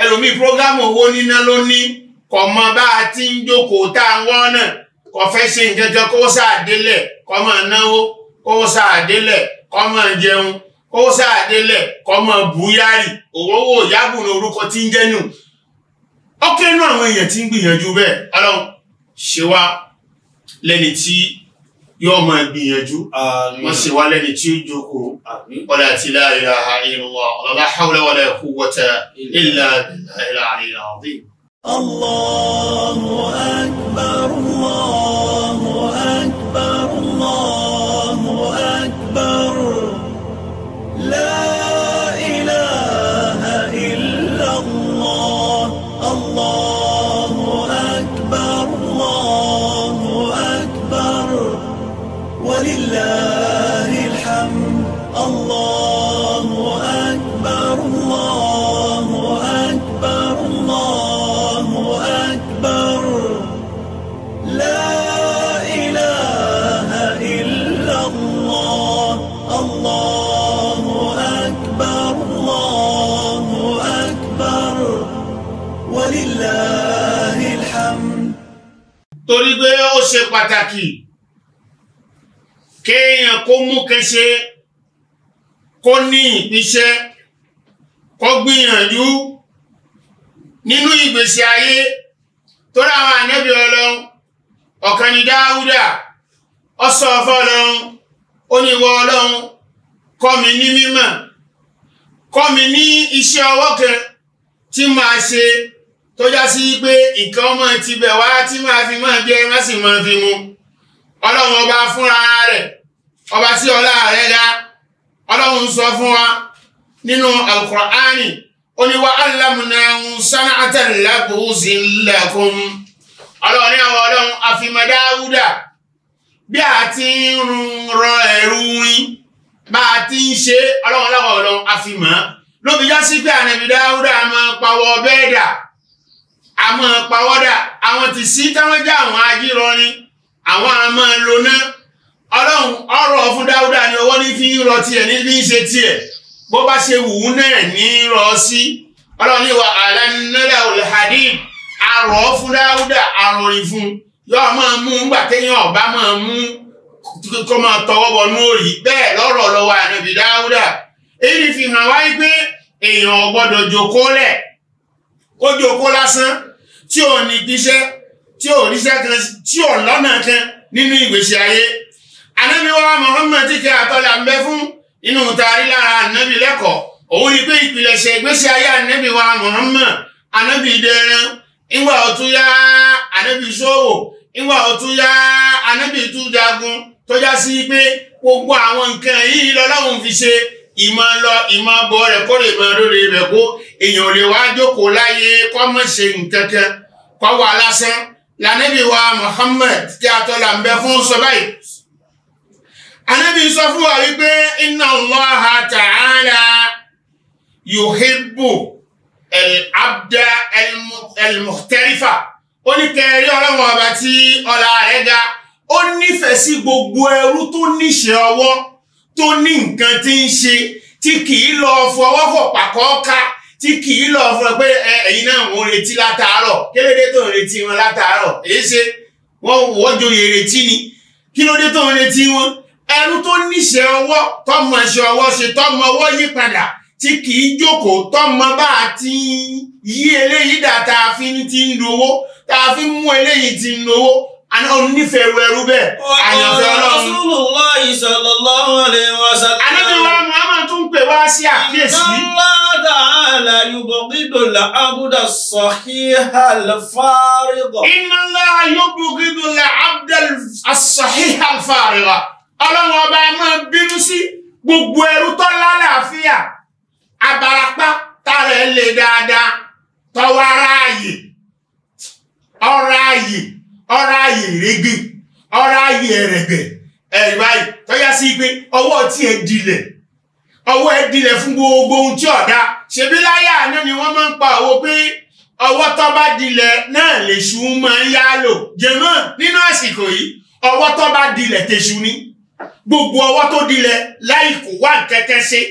ẹlòmíì prógámù owó níná ló ní kò mọ bá a ti kọ́mọ jẹun kó sáàdélẹ̀ kọ́mọ búyárì òwòwò yágùn ní orúkọ tí ń jẹ́nu ó kéré nú àwọn èèyàn tí ń gbìyànjú bẹ́ẹ̀ ọlọ́run ṣe wá tí yóò máa gbìyànjú wọ́n ṣe wá tí ó jókòó wọ́n láti la ilaha illallah la hawla wala quwwata illa billahil aliyyil azim. Allahu akbar, Allahu akbar, Allah. love. torí pé ó ṣe pàtàkì kéèyàn kó mú kẹṣe kó ní ìpínṣẹ́ kó gbìyànjú nínú ìgbésí ayé tó ráwọn ànábì Ọlọ́run ọ̀kan ni Dáúdà ó sọ fọ́lọ́run Ọlọ́run kọ́ mi ní mímọ̀ kọ́ mi ní iṣẹ́ ọwọ́ kan tí máa ṣe tọ́já sí pé nǹkan ọmọ tibẹ̀ wá tí máa fi máa jẹ má sì máa fi mu ọlọ́run ọba fúnra rẹ̀ ọba tí ọlá rẹ̀ dá ọlọ́run sọ fún wa nínú alukur'ani ó ní wa alamuna sanata lakusi lakum ọlọ́run ní àwọn ọlọ́run àfimọ̀dáwúdà bí a ti ń rọ ẹ̀rú yín bá a ti ń ṣe ọlọ́run láwọn ọlọ́run àfimọ̀ lóbi já sí pé ànàbì dáwúdà máa pawọ́ bẹ́ẹ̀ dà àmọ́ pawọ́dà àwọn ti sí táwọn jẹ́ àwọn ajínrọrin àwọn àmọ́ lóná ọlọ́run ọrọ̀ fún dáúdà ni ọwọ́ ní fi ń rọ tiẹ̀ ní bí ń ṣe tiẹ̀ bó bá ṣe wù ú náà ní rọ sí ọlọ́run ní wa alánilẹ́lẹ̀ olùhadid arọ̀ fún dáúdà arọ̀rin fún yóò máa mú gbà téèyàn ọba máa mú kó máa tọwọ́ bọnú òrì bẹ́ẹ̀ lọ́rọ̀ lọ́wọ́ ànábì dáúdà èyí fi hàn wáyé pé èèyàn ò gbọ́dọ̀ jókòó lẹ̀ kó jókòó lásán tí ò ní gbíṣẹ́ tí ò ríṣẹ́ kan tí ò lọ́nà kan nínú ìgbésí ayé ànábì wa Muhammad ti kẹ́ àtọ́lá ń bẹ fún inú taari lára ànábì lẹ́kọ̀ọ́ òun ni pé ìpìlẹ̀ṣẹ̀ ìgbésí ayé ànábì wa Muhammad ànábì dẹrẹ ìwà ọ̀tún yá ànábì ṣòwò ìwà ọ̀tún yá ànábì tún jagun tó já sí pé gbogbo àwọn nǹkan yìí lọ́lọ́run fi ṣe ìmọ̀ lọ ìmọ̀ bọ̀ rẹ̀ kó lè máa lórí rẹ̀ kó èèyàn ò lè wá jókòó láyé kọ́ mọ̀ ṣe nǹkan kan kọ́ wà lásán lànàbí wa Muhammad tí a tọ́lá ń bẹ fún sọ báyìí. Ànábì sọ fún wa wípé inna Allaha ta'ala yuhibbu al-abda al-muhtarifa ó ní kẹrí ọlọ́wọ́n ọba tí ọlá rẹ̀ ga ó nífẹ̀ẹ́ sí gbogbo ẹrú tó níṣẹ́ ọwọ́ tó ní nǹkan tí ń ṣe tí kì í lọ fọwọ́ fọ̀ pàkọ́ ká tí kì í lọ fọ pé ẹ̀yin náà wọ́n retí látàárọ̀ kílódé tó ń retí wọn látàárọ̀ èyí ṣe wọ́n wọ́n joyè retí ni kílódé tó ń retí wọn ẹrú tó níṣẹ́ ọwọ́ tọ́mọ ṣe ọwọ́ ṣe tọ́mọ ọwọ́ yí padà tí kì í jókòó tọ́mọ bá a ti yí eléyìí dà tá a fi ti ń lówó tá a fi mú eléyìí ti ń lówó Ọlọ́run nífẹ̀ẹ́ ẹrú ẹrú bẹ́ẹ̀ àyànfẹ́ Ọlọ́run. Rasulullahi sallallahu alaihi wasallam. Anábìwá Muhammad tún pè wá sí àkíyèsí. Allah ta'ala yubghidul abda as-sahihal farig. Inna Allaha yubghidul abda as-sahihal farig. Ọlọ́run ọba ẹ máa bínú sí gbogbo ẹrú tó lálàáfíà abarapá tààrà ẹ lè dáadáa tọwọ́ ara ààyè ọ̀rọ̀ ààyè ọ̀rọ̀ ayé ìrégbè ọ̀rọ̀ ayé ẹ̀rẹ̀gbẹ̀ ẹ̀rọ ayé tọ́já sí pé ọwọ́ tí ẹ dilẹ̀ ọwọ́ ẹ dilẹ̀ fún gbogbo ohun tí ọ̀dá ṣebí láyé àná ni wọ́n máa ń pa òwò pé ọwọ́ tó bá dilẹ̀ náà lèṣù máa ń yá lò jẹ̀mọ́ nínú àsìkò yìí ọwọ́ tó bá dilẹ̀ tèṣù ni gbogbo ọwọ́ tó dilẹ̀ láì kò wá nkẹ́kẹ́ ṣe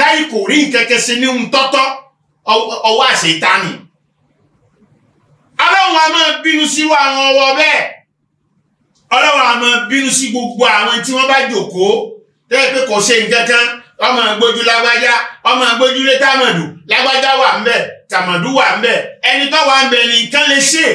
láì kò rí nkẹ́kẹ́ ṣe ní ohun tọ́tọ́ ọwọ́ àṣetánù ọlọ́run a máa bínú sí àwọn ọwọ́ bẹ́ẹ̀ ọlọ́run a máa bínú sí gbogbo àwọn tí wọ́n bá jòkóó tẹ́lẹ̀ pé kò ṣe nǹkan kan ọmọ ìgbójú lágbájá ọmọ ìgbójú lé támọ̀dù lágbájá wà ń bẹ̀ tàmọ̀dù wà ń bẹ̀ ẹni tó wà ń bẹ̀ ní nǹkan lè ṣe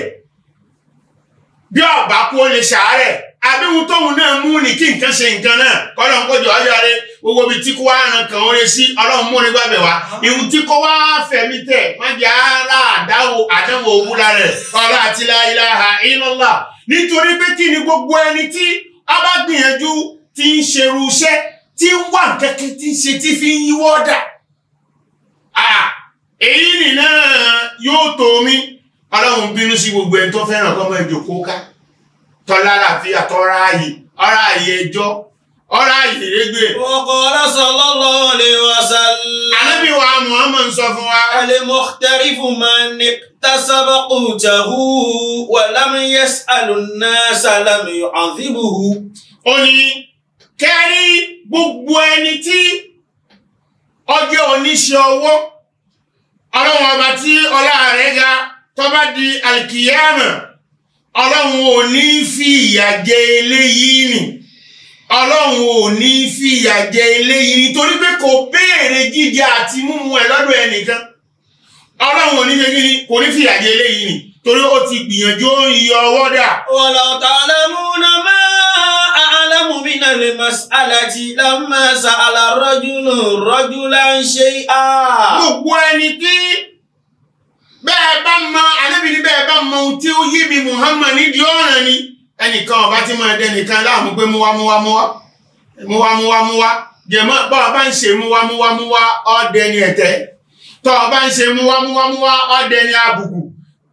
bí ọ̀bá kú ó lè ṣàárẹ̀ àbíwú tóun náà mú ní kí nǹkan ṣe nǹkan náà kọ́lọ́n kó jọ ọjọ́ rẹ̀ gbogbo ibi tí kò wá ràn kàn ó lè sí ọlọ́run múni gbàgbẹ́ wa ìhun tí kò wá fẹ̀mí tẹ̀ má jẹ́ ara àdáwò àdáwò òwúra rẹ̀ ọlọ́run àti ilaha illallah nítorí pé kí ni gbogbo ẹni tí a bá gbìyànjú ti ń ṣerú iṣẹ́ tí ń wà kẹ́kẹ́ tí ń ṣe tí fi ń yíwọ́ dà èyí nìna yóò tó mi ọlọ́run bínú sí gbogbo ẹni tó fẹ́ràn kọ́mọ ìjòkó ká tọ́lá àlàáfíà tọ́ra ààyè ọ̀rá ààyè ẹjọ́ ọ̀rọ̀ àyè régbè. ọkọ̀ sallallahu alaihi wasallam. ànábì wa Muhammad sọ fún wa. al-mukhtarifu man iktasaba qutahu wa lam yas'al an-nasa lam yu'adhibuhu. ó ní kẹ́rí gbogbo ẹni tí ọjọ́ oníṣẹ́ ọwọ́ ọlọ́run ọba tí ọlá rẹ̀ ga tó di alkiyama ọlọ́run ò ní fi ìyà jẹ eléyìí nì ọlọ́run ò ní fìyà jẹ eléyìí nítorí pé kò béèrè jíjẹ àti mímu ẹ̀ lọ́dọ̀ ẹnìkan ọlọ́run ò ní ṣe kí ni kò ní fìyà jẹ eléyìí ni torí ó ti gbìyànjú ó ń yọ ọwọ́ dà. wala ta'lamuna ma a'lamu min al-mas'alati lamma sa'ala rajulu rajulan shay'a. gbogbo ẹni tí bẹ́ẹ̀ bá mọ ànábì ní bẹ́ẹ̀ bá mọ ohun tí ó yé mi Muhammad nídìí ọ̀ràn ni ẹnìkan ọba tí máa dẹnìkan láàmú pé múwámúwámúwá múwámúwámúwá jẹmọ bá ọba ń ṣe múwámúwámúwá ọdẹ ni ẹ̀tẹ́ tọ ọba ń ṣe múwámúwámúwá ọdẹ ni àbùkù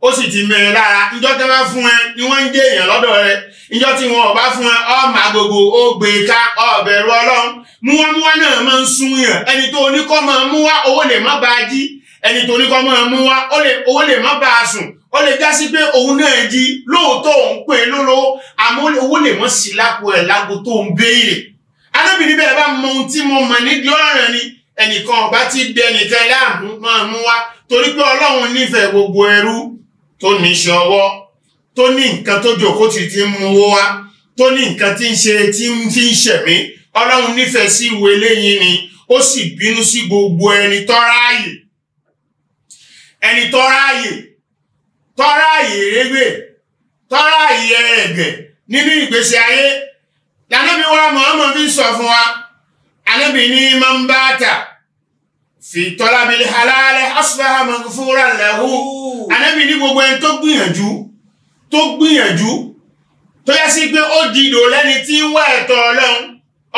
ó sì ti mẹrin lára njọ tí wọn fún ẹ ni wọn ń dé èèyàn lọ́dọ̀ rẹ njọ tí wọn ọba fún ẹ ọmọ agogo ó gbé e ká ọbẹ̀rù Ọlọ́run múwámúwá náà máa ń sún yàn ẹni tó oníkọ́ máa múwá owó lè má bàa jí ẹni tó oníkọ́ máa múwá owó lè má bàa sùn ó lè já sí pé òun náà di lóòótọ́ òun pè é lólówó àmọ́ owó lè mọ́ sí lápò ẹ̀ lágbo tó ń béèrè arábìnrin bẹ́ẹ̀ bá mọ ohun tí mo mọ̀ nídìí ọ̀ràn ni ẹnìkan ọba ti dẹ ẹnìkan láàmú máa mú wá torí pé ọlọ́run nífẹ̀ẹ́ gbogbo ẹrú tó ní iṣẹ́ ọwọ́ tó ní nǹkan tó jòkó ti ti ń mú owó wá tó ní nǹkan tí ń ṣe tí ń fi ń ṣẹ̀mí ọlọ́run nífẹ̀ẹ́ sí ìwé lẹ́yìn ni ó sì bínú sí gbogbo ẹni tọ́ráàyè ẹni tọ́ráàyè tọ́ra ìrẹ́gbẹ̀ tọ́ra ìyẹ̀rẹ̀gbẹ̀ nínú ìgbésí ayé lànàbí wa Muhammad fi sọ fún wa anábì ní man bata fi talabil halal asbaha maghfuran lahu anábì ní gbogbo ẹni tó gbìyànjú tó gbìyànjú tó yẹ sí pé ó dìdò lẹ́ni tí ń wá ẹ̀tọ́ ọlọ́run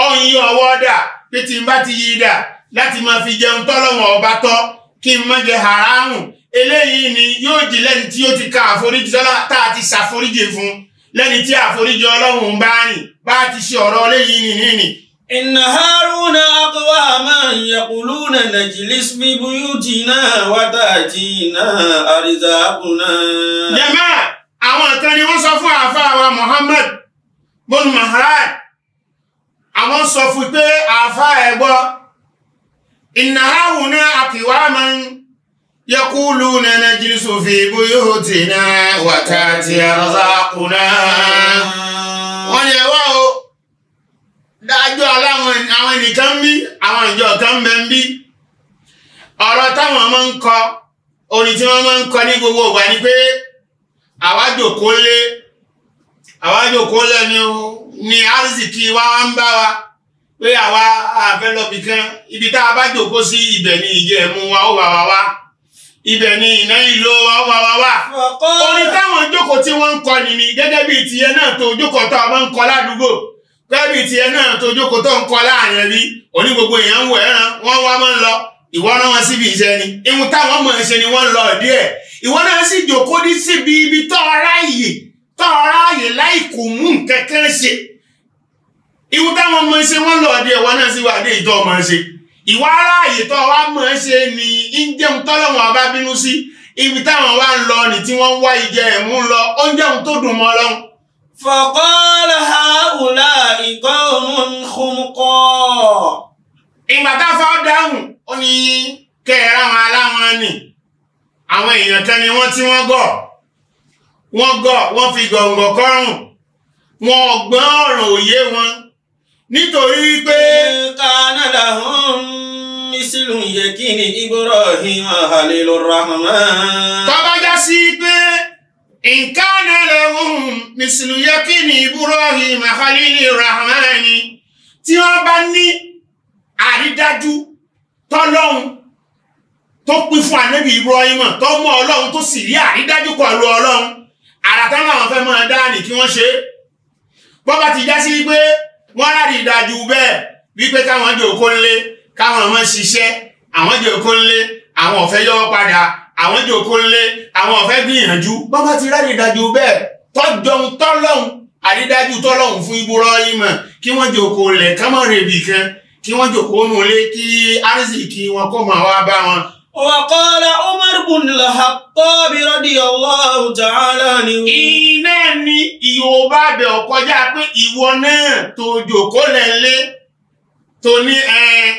ọ̀hún yí ọwọ́ dà pé tí n bá ti yí dà láti máa fi jẹun tọ́lọ́wọ̀n ọba tọ́ kí n má jẹ haramu eléyìí ni yóò di lẹ́ni tí ó ti ka àforíjì sọ́lá tá a ti ṣàforíjì fún lẹ́ni tí àforíjì ọlọ́run bá rìn bá a ti ṣe ọ̀rọ̀ léyìí ni nínì. inna haruna aqwaman yaquluna najlis bi buyutina wa ta'tina arzaquna. jama àwọn kan ni wọ́n sọ fún àáfàá wa Muhammad bin Mahrad àwọn sọ fún pé àáfàá ẹ̀ gbọ́ inna haruna aqwaman. يقولون نجلس في بيوتنا وتاتي رزاقنا wọ́n ní ẹ̀wá o dájọ́ aláwọn àwọn ẹnìkan bí àwọn ìjọ kan bẹ ń bí ọ̀rọ̀ táwọn máa ń kọ orin tí wọ́n máa ń kọ ní gbogbo ìgbà ni pé àwa jókòó ni arzikì wa wá ń bá wa pé àwa àfẹ́lọ́bì kan ibi tá a bá jókòó sí ibẹ̀ ni ìjẹ́ ẹ̀mú wa ó wà wá wá ibẹ̀ ni iná ìlò wa orin táwọn ìjókòó tí wọ́n ń kọ ni gẹ́gẹ́ bíi tìyẹ náà tó jókòó tó ọmọ ń kọ ládùúgbò gẹ́gẹ́ bíi tìyẹ náà tó jókòó tó ń kọ láàrin ẹbí oní gbogbo èèyàn ń wọ ẹran wọ́n wá máa ń lọ ìwọ rán wọn síbi iṣẹ́ ni ihun táwọn mọ̀ ẹ́ ṣe ni wọ́n ń lọ díẹ̀ ìwọ náà sì jókòó dí síbi ibi tọ́ aráyè tọ́ aráyè láìkò mú nǹkan kan ṣe ihun táwọn mọ̀ ẹ́ ṣe wọ́n lọ díẹ̀ wọ́n ìwà aráàyè tó wá mọ̀ ẹ́ ṣe ni ń jẹun tọ́lọ́wọ́n ọba bínú sí ibi táwọn wá ń lọ ní tí wọ́n ń wá ìjẹ ẹ̀mú lọ ó ń jẹun tó dùn mọ́ lọ́hùn. faqala haula qawmun khumqa. ìgbà táfà dáhùn ó ní kẹ́ẹ̀rẹ́ àwọn aláwọn nì àwọn èèyàn kan ni wọ́n tí wọ́n gọ̀ wọ́n gọ̀ wọ́n fi gọ̀ǹgọ̀ kọ́rùn wọn ọ̀gbọ́n ọ̀rọ̀ òye wọn nítorí pé. kánádà hàn mísìlù yẹ kí ni Ibrahim halilu rahman. tọ́ba já sí pé nǹkan lahum mísìlù yẹ kí ni Ibrahim halilu rahman ni tí wọ́n bá ní àrídájú tọ́lọ́hún tó pín fún anábì Ibrahim tó mọ ọlọ́run tó sì rí àrídájú pẹ̀lú ọlọ́run àràtà náà wọn fẹ́ máa dáa ní kí wọ́n ṣe bọ́ba ti já sí pé wọ́n rárí ìdájú bẹ́ẹ̀ wípé káwọn jẹ́ òkó ńlé káwọn ọmọ ṣiṣẹ́ àwọn jẹ́ òkó ńlé àwọn ọ̀fẹ́ yọ́wọ́ padà àwọn jẹ́ òkó ńlé àwọn ọ̀fẹ́ gbìyànjú bọ́bá ti rárí ìdájú bẹ́ẹ̀ tọ́jọ́un tọ́lọ́hun àrídájú tọ́lọ́hun fún Ibrahim kí wọ́n jẹ́ òkó ńlẹ̀ kámọ́rèbì kan kí wọ́n jẹ́ òkó nulẹ̀ kí arzikí wọn kó máa wá bá wọn وقال عمر بن الخطاب رضي الله تعالى عنه. إنني ni ìyóòbá bẹ̀ ọ̀kọjá pé ìwọ náà tó jòkó lẹ́lẹ́ tó ní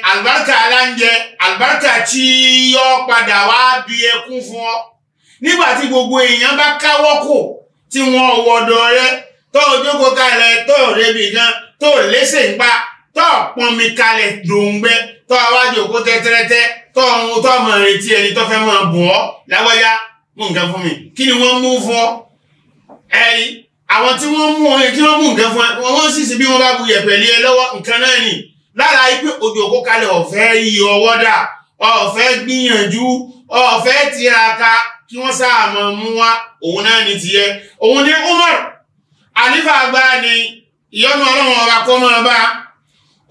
àlùbáríkà aláǹjẹ àlùbáríkà tí yọ padà wá bí ẹkún fún ọ nígbà tí gbogbo èèyàn bá káwọ́ kò tí wọ́n wọ̀dọ̀ rẹ tó jókòó kalẹ̀ tó rẹbi gan tó lẹ́sẹ̀ ń pa tó pọnmi kalẹ̀ dòǹgbẹ tó wá jòkó tẹ́tẹ́rẹ́tẹ́ tó àwọn tó àmọ́ retí ẹni tó fẹ́ máa bù ọ́ lágbájá mú nǹkan fún mi kí ni wọ́n mú fún ọ ẹ̀rí àwọn tí wọ́n mú ọyàn kí wọ́n mú nǹkan fún ẹ wọ́n sì sí bí wọ́n bá bu yẹ̀pẹ̀ lé ẹ lọ́wọ́ nǹkan náà nì lára ipe òjò kó kalẹ̀ ọ̀fẹ́ yí ọwọ́ dà ọ̀fẹ́ gbìyànjú ọ̀fẹ́ tiraka kí wọ́n sáà mọ̀ mú wá òun náà ní tiẹ̀ òun ní Umar àlífà àgbà ni ìyọ́nú ọlọ́run ọba kọ́ mọ́ ọba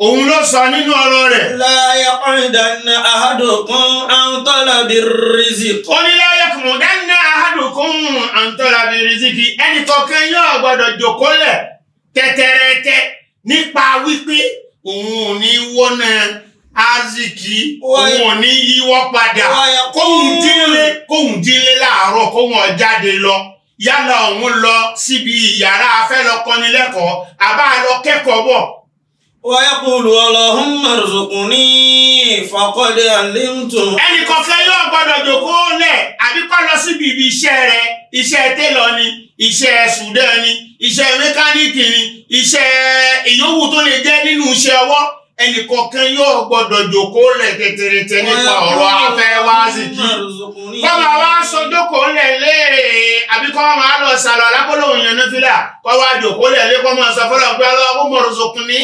òun ló sọ nínú ọ̀rọ̀ rẹ̀. láyà kúndàna àádọ́kùn àǹtọ́lábì rìzìkì. ó ní láyà kúndàna àádọ́kùn àǹtọ́lábì rìzìkì ẹnì kọ̀ọ̀kan yóò gbọ́dọ̀ jòkólẹ̀ tẹ́tẹ́rẹ́tẹ́ nípa wípé òun ò ní wọ́nà aziki òun ò ní yíwọ́ padà kóhun dínlé kóhun dínlé láàárọ̀ kóhun ọ̀jáde lọ yálà òun lọ síbi yàrá afẹ́ lọ kọ́nilẹ́kọ̀ọ́ àbá lọ wọ́yẹ́kùlù ọlọ́hún mọ̀rùsùkùn ní ìfọkọ́dé àlímtùn. ẹnì kọ̀ọ̀kan yóò gbọ́dọ̀ jòkó lẹ̀ àbí kọ́ lọ síbi ibi iṣẹ́ rẹ̀ iṣẹ́ télọ̀ ni iṣẹ́ sùdẹ́ ni iṣẹ́ mẹkáníìkì ni iṣẹ́ ìyówù tó lè jẹ́ nínú iṣẹ́ ọwọ́ ẹnìkọ̀ọ̀kan yóò gbọ́dọ̀ jòkó lẹ̀ tẹ̀tẹ̀rẹ̀tẹ̀ nípa ọ̀rọ̀ afẹ́ wá sí kí. kọ́mọ wa sọ jókòó lẹ̀ lé àbí kọ́mọ máa lọ sàlọ̀ alákòlò ìyànnú fílà kọ́mọ jòkó lẹ̀ lé kọ́mọ sọ fọlọ́ pé ọlọ́wọ́ mọ̀rọ̀sọ̀kùn ní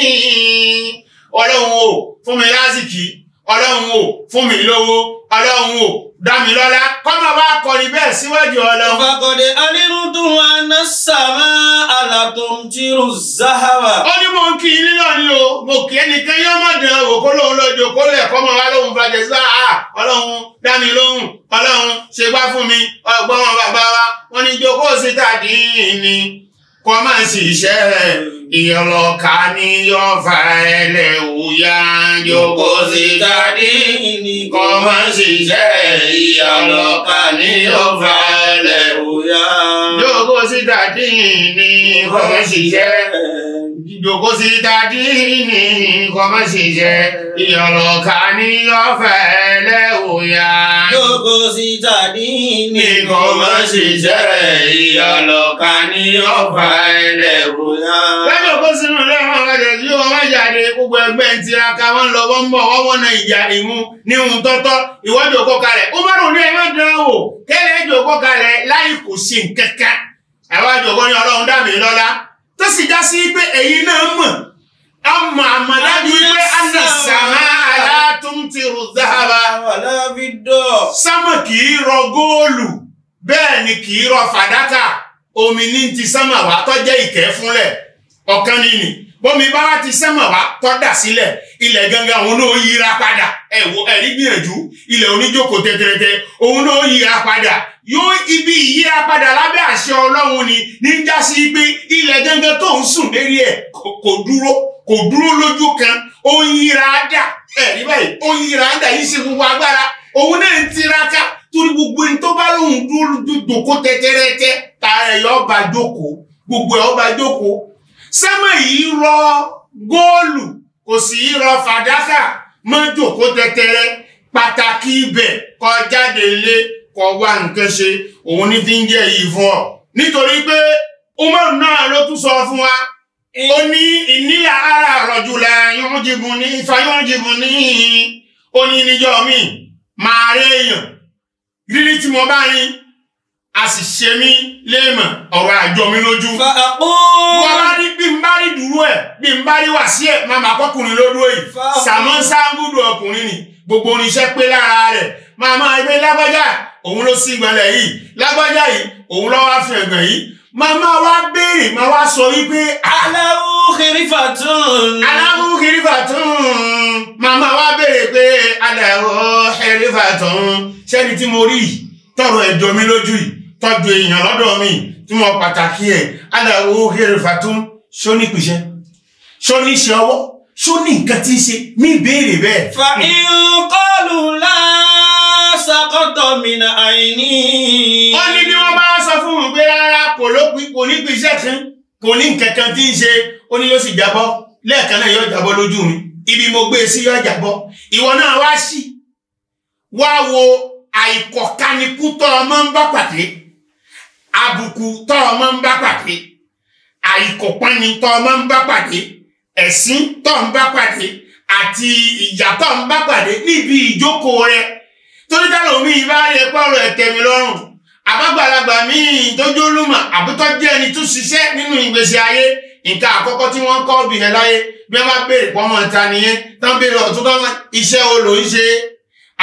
ọlọ́run o fún mi lásìkí ọlọ́run o fún mi lówó ọlọ́run o dámilọ́lá kọ́mọ wa kọrin bẹ́ẹ̀ síwájú ọlọ́run. ọ̀fàkọ̀dé alírùndùn anásàmáà látọ̀mtìrù záhàwà. ó ní mò ń kí yín nílò ni o mo kí ẹnìkan yóò má dán wò kó lóun lọ jò kó lè kọ́ mọ wá lóun fàjẹ́ sí àá ah, ọlọ́run dá mi lóhùn ọlọ́run ṣe gbá fún mi ọgbọ́n wọn bàbá wa wọn ní jókòó síta dín ní kọ́ máa ń ṣiṣẹ́ ìyọlọ́ka ní yọ̀ọ̀fà ẹlẹ́wùyá jókòó síta dín ní kọ́ máa ń ṣiṣẹ́ ìyọlọ́ka ní yọ̀ọ̀fà ẹlẹ́wùyá síta díìní kò mọ̀ ṣiṣẹ́. Jòkó síta díìní kò mọ̀ ṣiṣẹ́. Ìyọ̀lọ̀ka ní ọ̀fẹ́ lẹ́wòyà. Jòkó síta díìní kò mọ̀ ṣiṣẹ́. Ìyọ̀lọ̀ka ní ọ̀fẹ́ lẹ́wòyà. Lẹ́yìn òkú sínú lẹ́wọ̀n ọ̀gájẹ̀ tí wọ́n máa jáde gbogbo ẹgbẹ́ ń tiraka wọ́n lọ wọ́n bọ̀ wọ́n wọ́n na ìjà ìmú ní ohun tọ́tọ́ ìwọ́dọ̀ kọ́kalẹ̀. Ó bá rò ní ẹgbẹ́ dán wò kẹ́lẹ́ ìjọ kọ́kalẹ̀ láì kò sí nǹkankan ẹwà jòkó ní ọlọ́run dàbí lọ́lá tó sì já sí pé èyí náà mọ̀ ọmọ àmọ̀dájú pé anna sàmà alátúntìrù záhàbà sámà kì í rọ góòlù bẹ́ẹ̀ ni kì í rọ fàdákà omi ní ti sámà wá tọ́jẹ́ ìkẹ́ fúnlẹ̀ ọ̀kan nínú bómi bá wá ti sẹ́mọ̀ wá tọ́dà sílẹ̀ ilẹ̀ gangan òun náà yíra padà ẹ̀rí gbìyànjú ilẹ̀ oníjókòó tẹ́tẹ́tẹ́ òun náà yíra padà yóò ibi ìyíra padà lábẹ́ àṣẹ ọlọ́run ni ní ń já sí pé ilẹ̀ gangan tó ń sùn lérí ẹ̀ kò dúró kò dúró lójú kan ó ń yíra dà ẹ̀rí báyìí ó ń yíra dà yìí ṣe gbogbo agbára òun náà ń tiraka torí gbogbo ẹni tó bá lóun dúró dòkó tẹ́tẹ́rẹ́tẹ́ tààrà ẹ̀ ọba jókòó gbogbo ẹ̀ ọba jókòó sẹ́mọ̀ yìí rọ góòlù kò sì í rọ fàdákà mọ́ jòkó tẹ́tẹ́rẹ́ pàtàkì ibẹ̀ kọjá délé kọ wá nǹkan ṣe òun ní fi ń jẹ́ yìí fún ọ nítorí pé umar náà ló tún sọ fún wa ó ní ìnílà ara rọjùlá yóò jìbùn ní ifá yóò jìbùn ní ó ní níjọ mi máa rí èèyàn rírí tí mo bá rí a sì ṣe mí léèmọ̀ ọ̀rọ̀ àjọ mi lójú. mo bá rí bí n bá rí dúró ẹ̀ bí n bá rí wà sí ẹ̀ máa máa kọkùnrin lódú èyí sàmọ́ sáńgùdù ọkùnrin ni gbogbo oníṣẹ́ pé lára rẹ̀ máa máa gbé lágbájá òun ló sí ìgbọ̀nlẹ̀ yìí lágbájá yìí òun ló wá fi ẹ̀gbọ̀n yìí màmá wa béèrè màá wá sọ yìí pé. aláwo kìrìfà tún. aláwo kìrìfà tún. màmá wa béèrè pé aláwo kìrìfà tún. sẹ́ni tí mo rí yìí tọrọ ẹ̀jọ́ mi lójú yìí tọ́jú èèyàn lọ́dọ̀ mi tí mo pàtàkì ẹ̀ aláwo kìrìfà tún. ṣó ní pìṣẹ́ ṣe ọwọ́ ṣó nǹkan tí ń ṣe mí béèrè bẹ́ẹ̀. fa ìhùn kọlù láà sàkọ́tọ̀ mìnà àìní. ó ní bí wọ́n bá sọ fún un pé rárá kò lópin kò ní gbèsè kan kò ní nǹkankan tí ń ṣe ó ní yóò sì jábọ́ lẹ́ẹ̀kan náà yóò jábọ́ lójú mi ibi mo gbé e sí yóò jábọ́ ìwọ náà wá sí wá wo àìkọ̀kanikú tọrọ mọ́ ń bá pàdé àbùkù tọrọ mọ́ ń bá pàdé àìkọ̀pani tọrọ mọ́ ń bá pàdé ẹ̀sín tọrọ ń bá pàdé àti ìjà ń bá pàdé níbi ìjókòó rẹ̀ torí táwọn omi yìí bá yẹ pọ̀rọ̀ ẹ̀tẹ̀ mi lọ́rùn àbágbàlagbà míì tó jólúmọ̀ àbútọ́ jẹ́ ẹni tó ṣiṣẹ́ nínú ìgbésí ayé nǹkan àkọ́kọ́ tí wọ́n ń kọ́ bìyẹn láyé bí wọ́n bá béèrè pọ́nmọ́ ta nìyẹn tán béèrè ọ̀tún tán iṣẹ́ o lò ń ṣe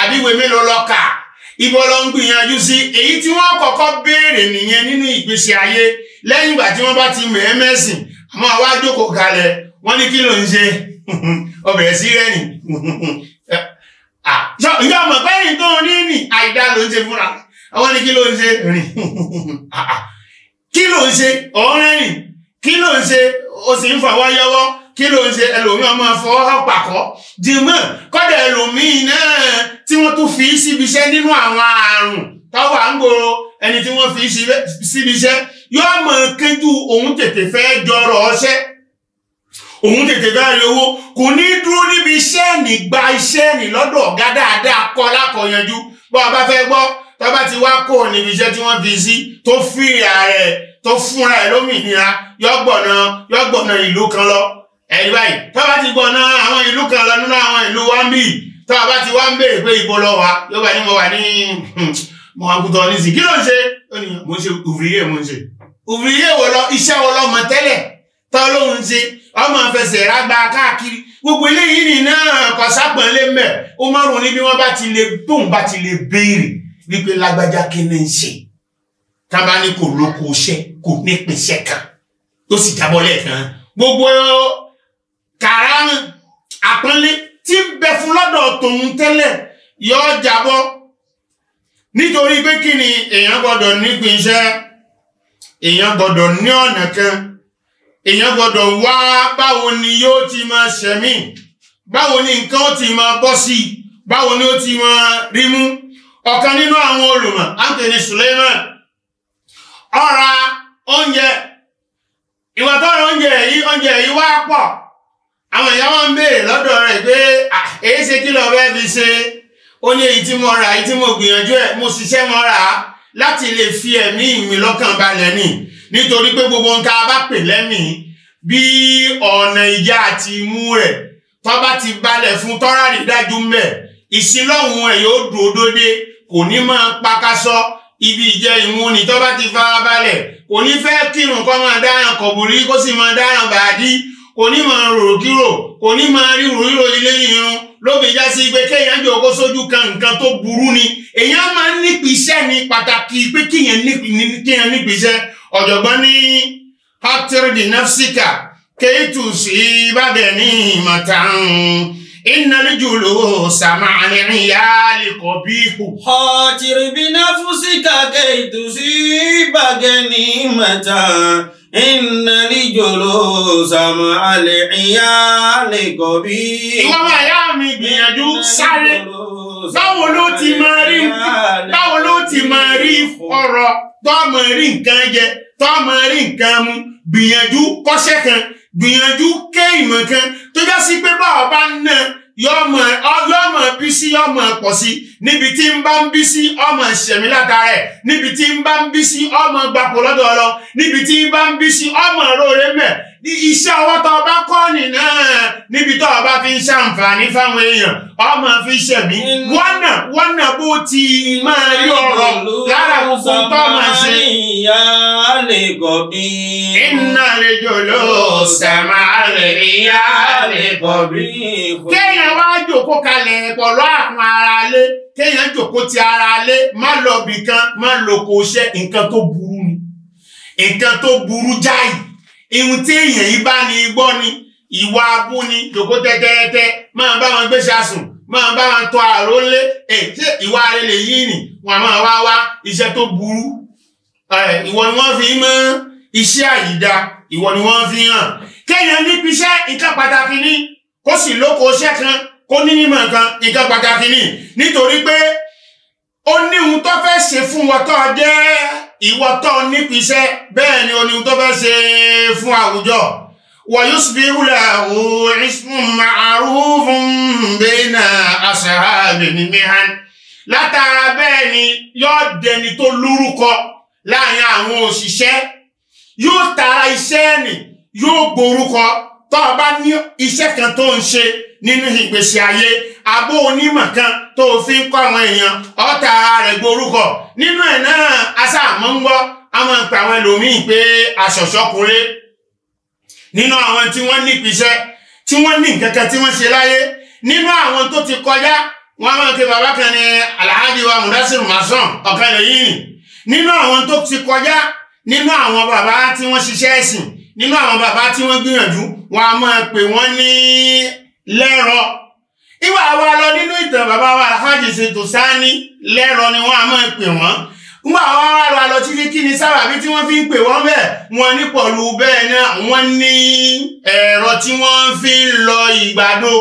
àbí ìwé mélòó lọ kà ibo ló ń gbìyànjú sí èyí tí wọ́n kọ́kọ́ béèrè nìyẹn nínú ìgbésí ayé lẹ́yìn ìgbà tí wọ́n bá ti mẹ̀ẹ́mẹ́sìn àmọ́ àwa jókòó kalẹ̀ wọ́n ní kí ló ń ṣe ọbẹ̀ sí rẹ́ni ìyá ah. ọmọ pé èyí tó ń rí nì àìdá ló ń ṣe fúnra àwọn ni kí ló ń ṣe rìn ah, ah. kí ló ń ṣe ọ̀rẹ́ rìn kí ló ń ṣe o sì ń fà wá yọwọ́ kí ló ń ṣe ẹlòmíì ọmọ fọwọ́ pàkọ́ dìmọ̀ kọ́dà ẹlòmíì náà tí wọ́n tún fi síbi iṣẹ́ nínú àwọn àrùn táwọn à ń gbòòrò ẹni tí wọ́n fi síbi iṣẹ́ yóò mọ̀ kánjú òun tètè fẹ́ jọrọ̀ ọṣẹ́ òun tètè bẹ́ẹ̀ lè owó kò ní dúró níbi iṣẹ́ ní gba iṣẹ́ ní lọ́dọ̀ ọ̀gá dáadáa kọ́ lákọ̀ọ́yanjú bá a bá fẹ́ gbọ́ tó bá ti wá kó níbi iṣẹ́ tí wọ́n fi sí tó fi ààrẹ tó fúnra ẹ̀ lómìnira yọ́gbọ̀nà yọ́gbọ̀nà ìlú kan lọ ẹ̀rí báyìí tó bá ti gbọ̀nà àwọn ìlú kan lọ nínú àwọn ìlú wa ń bì tó bá ti wá ń béèrè pé ibo lọ wà yóò bá ní mo wà ní hmm, mo wà kí ló ń ọmọ fẹsẹ̀ rágbá káàkiri gbogbo eléyìí ni náà kọsápọ̀ lé mẹ́ ó márùn ní bí wọ́n bá ti lè tóun bá ti lè béèrè wípé lágbájá kí ni ń ṣe tábà ní kò lóko iṣẹ́ kò nípìnṣẹ́ kan tó sì jábọ́ lẹ́ẹ̀kan gbogbo kàrámù àpọ́nlé tí ń bẹ fún lọ́dọ̀ tòun tẹ́lẹ̀ yọ jábọ́ nítorí pé kí ni èèyàn gbọ́dọ̀ nípìnṣẹ́ èèyàn gbọ́dọ̀ ní ọ̀nà kan èèyàn gbọ́dọ̀ wá báwo ni yóò ti máa ṣẹ̀mí báwo ni nǹkan ó ti máa bọ́ sí i báwo ni ó ti máa rí mú ọ̀kan nínú àwọn olùmọ̀ Anthony Suleiman ọ̀ra oúnjẹ ìwà tọ́rọ oúnjẹ yìí oúnjẹ yìí wá pọ̀ àwọn ìyá wọn ń béèrè lọ́dọ̀ rẹ̀ pé èyí ṣe kí lọ bẹ́ẹ̀ fi ṣe ó ní èyí tí mo rà èyí tí mo gbìyànjú ẹ̀ mo ṣiṣẹ́ mo láti lè fi ẹ̀mí mi lọ́kàn balẹ̀ nìyí nítorí pé gbogbo ohun tá a bá pè lẹ́mìí bí ọ̀nà ìyá àti imú rẹ̀ tó bá ti balẹ̀ fún tọ́ra rí dájú mbẹ̀ ìsinlọ́hún ẹ̀ yóò dúró dóde kò ní máa pakasọ ibi ìjẹ ìmú ni tó bá ti fara balẹ̀ kò ní fẹ́ kírun kó máa dáràn kọ̀bùrí kó sì máa dáràn bàdí kò ní máa rorò kírò kò ní máa rí ròyìnrò ilé irun ló fi já sí pé kéèyàn jọ kó sójú kan nǹkan tó burú ni èèyàn máa ń nípìíṣẹ́ ni pàtàkì pé kéèyàn nípìíṣẹ́ ọ̀jọ̀gbọ́n ní haptirdi nafsika keitu sí bàgẹ́ni màtàn innal julusa ma'al iyali qabihu. haptirdi bi nafsika keitu sí bàgẹ́ni màtàn innal julusa ma'al iyali qabihu. ìwọ́n bá yá mi gbìyànjú sáré báwo ló ti máa rí báwo ọ̀rọ̀ tọ́mọ rí nǹkan jẹ tọ́mọ rí nǹkan mu gbìyànjú kọ́ṣẹ́ kan gbìyànjú ké ìmọ̀ kan tó já sí pé báwa bá ń ná yọmọ yọmọ bí sí yọmọ pọ̀ sí níbi tí ń bá ń bí sí ọmọ ìṣẹ̀mí látara ẹ̀ níbi tí ń bá ń bí sí ọmọ gbapò lọ́dọ̀ níbi tí ń bá ń bí sí ọmọ róore mẹ́ẹ̀ ní iṣẹ́ ọwọ́ tó bá kọ́ nìna níbi tó bá fi ń ṣàǹfààní fáwọn èèyàn ọmọ fi ṣẹ̀mí wọ́nà wọ́nà bó ti máa rí ọ̀rọ̀ lára gbogbo tó máa ṣe. ìyá lè gọ̀ iná lè jòló sàmà lè ìyá lè gọ̀ kéèyàn wá jòkó kalẹ̀ pọ̀lọ́ àwọn ará lé kéèyàn jòkó ti ará lé má lọ bìkan má lọ kó ṣe nǹkan tó burú ni nǹkan tó burú jáì ihun tí èèyàn yìí bá ní igbó ni ìwà abú ni jòkó tẹ́tẹ́rẹ́tẹ́ máa bá wọn gbéṣà sùn máa bá wọn tọ àrò lé ẹ ṣé ìwà rẹ lè yí nì wọn máa wá wá iṣẹ́ tó burú ìwọ ni wọ́n fi mọ̀ iṣẹ́ àyídá ìwọ ni wọ́n fi hàn kéèyàn níbi iṣẹ́ nǹkan pàtàkì ni kó sì lóko iṣẹ́ kan kó ní nímọ̀ kan nǹkan pàtàkì ni nítorí pé ó ní ohun tó fẹ́ ṣe fún wọn tó jẹ́ ìwọ tó nípìṣẹ́ bẹ́ẹ̀ ni oní tó fẹ́ ṣe fún àwùjọ ويصبح له اسم معروف بين أصحاب المحن látara bẹ́ẹ̀ ni yóò dẹni tó lórúkọ láàrin àwọn òṣìṣẹ́ yóò tara iṣẹ́ nì yóò gbórúkọ tó bá ní iṣẹ́ kan tó ń ṣe nínú ìgbésí ayé abó onímọ̀ kan tó fi ń kọ́ àwọn èèyàn ọ̀tá rẹ̀ gborúkọ nínú ẹ̀ náà asáàmọ́ ń gbọ́ àwọn ìpè àwọn ẹlòmíì pé aṣọ̀ṣọ́kùnrin nínú àwọn tí wọ́n nípìṣẹ́ tí wọ́n ní nǹkan kan tí wọ́n ṣe láyé nínú àwọn tó ti kọjá wọn máa ń pe bàbá kan ní alhaji wa mudasiru mason ọ̀kan lèyí nínú àwọn tó ti kọjá nínú àwọn bàbá tí wọ́n ṣiṣẹ́ ẹ̀sìn nínú àwọn bàbá tí wọ́n gbìyànjú wọn máa pè wọ́n ní lẹ́rọ ìwà wa lọ nínú ìtàn bàbá wa alhaji ṣètò sani lẹ́rọ ni wọ́n á máa pè wọ́n ngbà wa wá lọ àlọ títí kí ni sábàbí tí wọ́n fi ń pè wọ́n bẹ́ẹ̀ wọ́n ní pọ̀lú bẹ́ẹ̀ náà wọ́n ní ẹ̀rọ tí wọ́n fi ń lọ ìgbàdo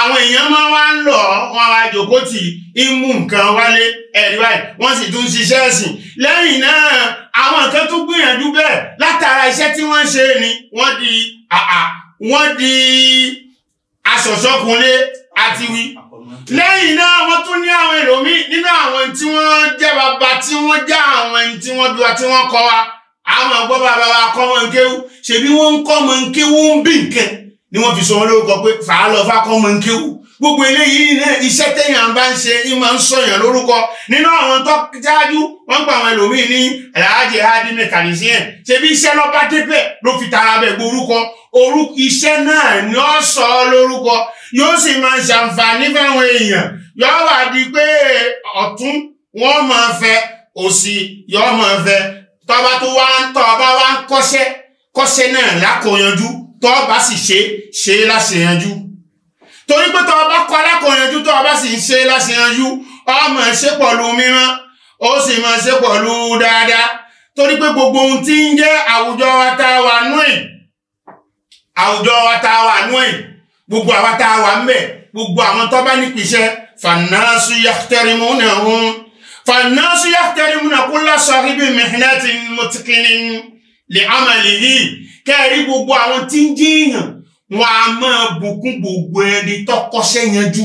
àwọn èèyàn máa wá ń lọ wọn wá jòkó tì í mú nǹkan wálé ẹ̀rí báyìí wọ́n sì tún ṣiṣẹ́ ẹ̀sìn lẹ́yìn náà àwọn kan tún gbìyànjú bẹ́ẹ̀ látara iṣẹ́ tí wọ́n ṣe ni wọ́n di àà wọ́n di asọ̀sọ́kunlé àti wí. lẹ́yìn náà wọ́n tún ní àwọn èrò mi nínú àwọn tí wọ́n jẹ́ bàbá tí wọ́n já àwọn tí wọ́n bí wa tí wọ́n kọ́ wa àwọn àgbọ́ bàbá wa kọ́ mọ̀ nkéwu ṣèbí wọ́n ń kọ́ mọ̀ nkéwu ń bí nǹkan ni wọ́n fi sọ wọn lórúkọ pé fàá lọ fà kọ́ mọ̀ nkéwu gbogbo eléyìí náà iṣẹ́ téèyàn bá ń ṣe ń máa ń sọ̀yàn lórúkọ nínú àwọn tó jáájú wọ́n gba àwọn ẹlòmíín ní aláàjì hadi mẹkanisíẹ̀n ṣebí iṣẹ́ lọ́ba débẹ̀ ló fi tara bẹ̀ gborúkọ orúkọ iṣẹ́ náà ni ó sọ ọ́ lórúkọ yóò sì máa ṣàǹfààní fáwọn èèyàn yóò wá di pé ọ̀tún wọ́n máa fẹ́ òsì yóò máa fẹ́ tọ́ba tó wá ń tọ́ ọba wá ń kọ́ṣẹ́ kọ́ṣẹ́ náà lákòóyanjú tọ́ba sì ṣe ṣe láṣeyanjú torí pé tọ́ ọba kọ́ alákọ̀ọ́yanjú tọ́ ọba sì ń ṣe láṣeyanjú ọmọ ṣe pọ̀lú mímọ́ ó sì máa ṣe pọ̀lú dáadáa torí pé gbogbo ohun tí ń jẹ́ àwùjọ wa tá a wà nú ẹ̀ àwùjọ wa tá a wà nú ẹ̀ gbogbo àwa tá ń bẹ̀ gbogbo àwọn tó bá nípìṣẹ́ fànásù yàtẹ̀rìmúnà hún fànásù yàtẹ̀rìmúnà kó lásọ̀rí bí mìhìnà ti lè amàlè yìí kẹ́ẹ̀rí gbogbo àwọn tí ń jíyàn wọn a máa bùkún gbogbo ẹni tọkọṣẹ́ yanjú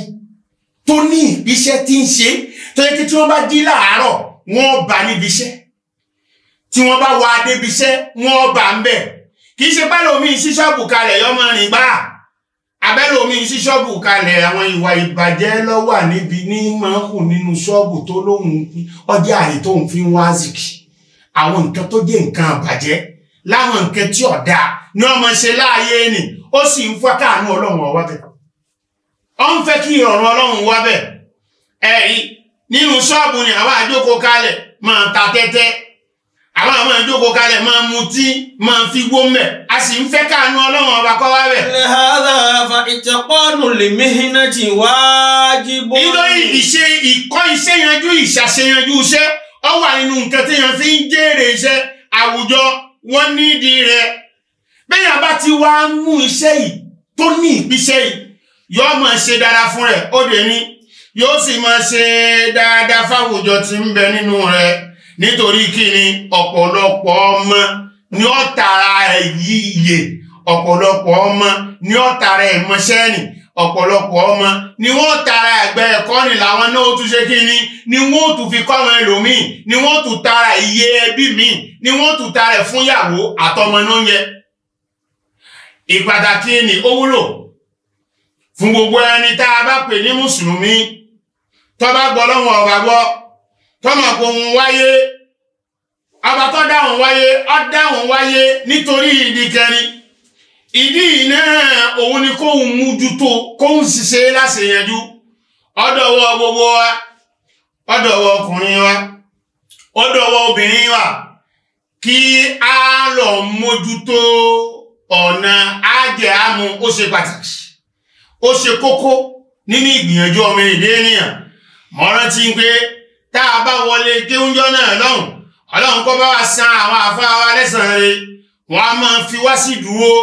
tó ní ìbíṣẹ́ tí ń ṣe tó yẹ kí tí wọ́n bá dí láàárọ̀ wọ́n bá níbi iṣẹ́ tí wọ́n bá wà débi iṣẹ́ wọ́n bá ń bẹ̀ kì í ṣe bá lómi sí ṣọ́ọ̀bù kalẹ̀ yọmọ rìn bá abẹ́rẹ́ omi sí ṣọ́ọ̀bù kalẹ̀ àwọn ìwà ìbàjẹ́ ló wà ní máa ń hù nínú ṣọ́ọ̀bù tó lóhùn ọjà àyè tóun fi wá zìkì àwọn nǹkan tó jẹ́ nǹkan àbàjẹ́ láwọn nǹkan tí ọ̀dá ní ọmọ ṣe láàyè ni ó sì ń fẹ́ káàánú ọlọ́run ọwọ́ bẹ̀ ọ ń fẹ́ kí ìrọ̀rùn ọlọ́run wá bẹ̀ nínú ṣọ́ọ̀bù ni àwa àjókòó kalẹ̀ máa ta tẹ́tẹ́ àwa àwọn àjókòó kalẹ̀ máa mutí máa fi wó mẹ́ a sì ń fẹ́ káàánú ọlọ́run ọba kọ́ wá bẹ̀. lẹ́hàdàfà ìtẹ̀pọ́nù lè méhìnàjì wájibó. nítorí ìṣe ìkọ́ iṣẹ́ ìṣàṣeyanjú iṣẹ́ ọ wà nínú nǹkan tí yan fi ń jèrè iṣẹ́ àwùjọ wọ́n nídìí rẹ̀ bẹ́ẹ̀ yàrá ti wá mú iṣẹ́ yìí tó ní ìpíṣẹ́ yìí yóò máa ṣe dáadáa fún rẹ̀ ó dé ní yóò sì máa ṣe dáadáa fáwùjọ tí ń bẹ nínú rẹ̀ nítorí kíni ọ̀pọ̀lọpọ̀ ọmọ ni ó tara ẹ̀ yíyè ọ̀pọ̀lọpọ̀ ọmọ ni ó tara ẹ̀ ọ̀pọ̀lọpọ̀ ọmọ ni wọ́n tara ẹ̀gbẹ́ ẹ̀kọ́ ni làwọn náà tún ṣe kí ni ni wọ́n tún fi kọ́ àwọn ẹlòmíì ni wọ́n tún tara iye ẹbí mi ni wọ́n tún tara ẹ̀ fúnyàwó àtọmọ náà yẹ. ìpàtàkì ni ó wúlò fún gbogbo ẹni tá a bá pè ní mùsùlùmí tó bá gbọ́ lọ́wọ́ ọba gbọ́ tọ́mọ̀ kò ń wáyé ọba dáhùn wáyé ó dáhùn wáyé nítorí ìdíkẹrin ìdí iná òun ni kóun mójútó kóun ṣiṣẹ́ láṣẹyànjú ọdọ̀wọ́ gbogbo wa ọdọ̀wọ́ ọkùnrin wa ọdọ̀wọ́ obìnrin wa kí a lọ mójútó ọ̀nà ajẹ́ àmú ó ṣe pàtàkì ó ṣe kókó nínú ìgbìyànjú ọmọ èdè ènìyàn mo rántí pé tá a bá wọlé kí oúnjẹ náà lọ́hùn ọlọ́run kó bá wa san àwọn àfa wa lẹ́sàn-án rẹ̀ wọ́n a máa fi wá sí dúró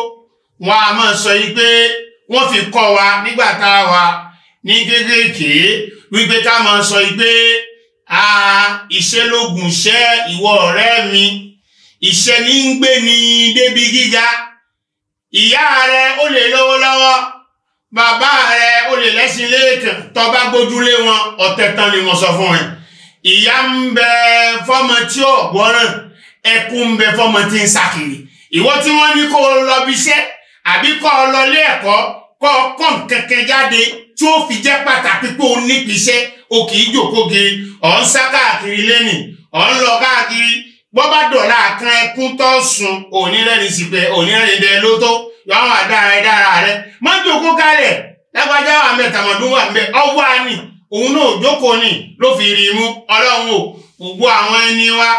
wọn a máa sọ yìí pé wọ́n fi kọ́ wa nígbà tá a wà ní kéékèèké wípé ká máa sọ yìí pé a iṣẹ́ lóògùn iṣẹ́ ìwọ ọ̀rẹ́ mi iṣẹ́ ní ń gbé ni débi gíga ìyá rẹ ó lè lọ́wọ́lọ́wọ́ bàbá rẹ ó lè lẹ́sìn léèkàn tó bá gbójúlé wọn ọ̀tẹ̀ tán ni wọ́n sọ fún ẹ ìyá ń bẹ fọmọ tí ò gbọ́ràn ẹkún ń bẹ fọmọ tí ń ṣàkiri ìwọ tí wọ́n ní kó lọ bí iṣẹ́ àbí kọ́ ọ lọ ilé ẹ̀kọ́ kọ́ ọ kọ́ nkankan jáde tí ó fi jẹ́ pàtàkì pé o níbi iṣẹ́ o kì í jòkóge ọ̀ ń sá káàkiri lẹ́nì ọ̀ ń lọ káàkiri bọ́ bá dọ̀la kan ẹkún tó sun onírẹ́ni sì pé onírẹ́ni dẹ ló tó yọ àwọn àdára ẹ dára rẹ má jòkó kalẹ̀ lágbájá wà mẹ́ tàmọ̀dún wà mẹ́ ọwọ́ àní òun náà jókòó ni ló fi rí i mú ọlọ́run o gbogbo àwọn ẹni wa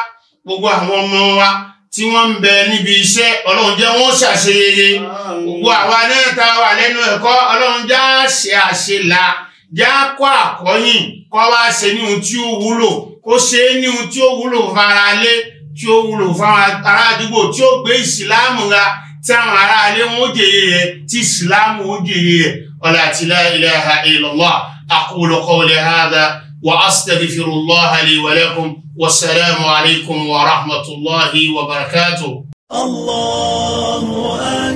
gbogbo àwọn ọmọ wa tí wọ́n ń bẹ níbi iṣẹ́ ọlọ́run jẹ́ wọ́n ṣàṣeyeye gbogbo àwa náà tá a wà lẹ́nu ẹ̀kọ́ ọlọ́run já ṣe àṣelà já kọ́ àkọ́yìn kọ́ wá ṣe ní ohun tí ó wúlò kó ṣe é ní ohun tí ó wúlò faralé tí ó wúlò fáwọn tí ó gbé ìsìláàmù ga tí àwọn ará wọn ó jèrè rẹ̀ tí ìsìláàmù ó jèrè rẹ̀ ọ̀là tí la ilaha illallah aqulu qawli hadha wa astaghfirullah li wa lakum. والسلام عليكم ورحمة الله وبركاته الله أكبر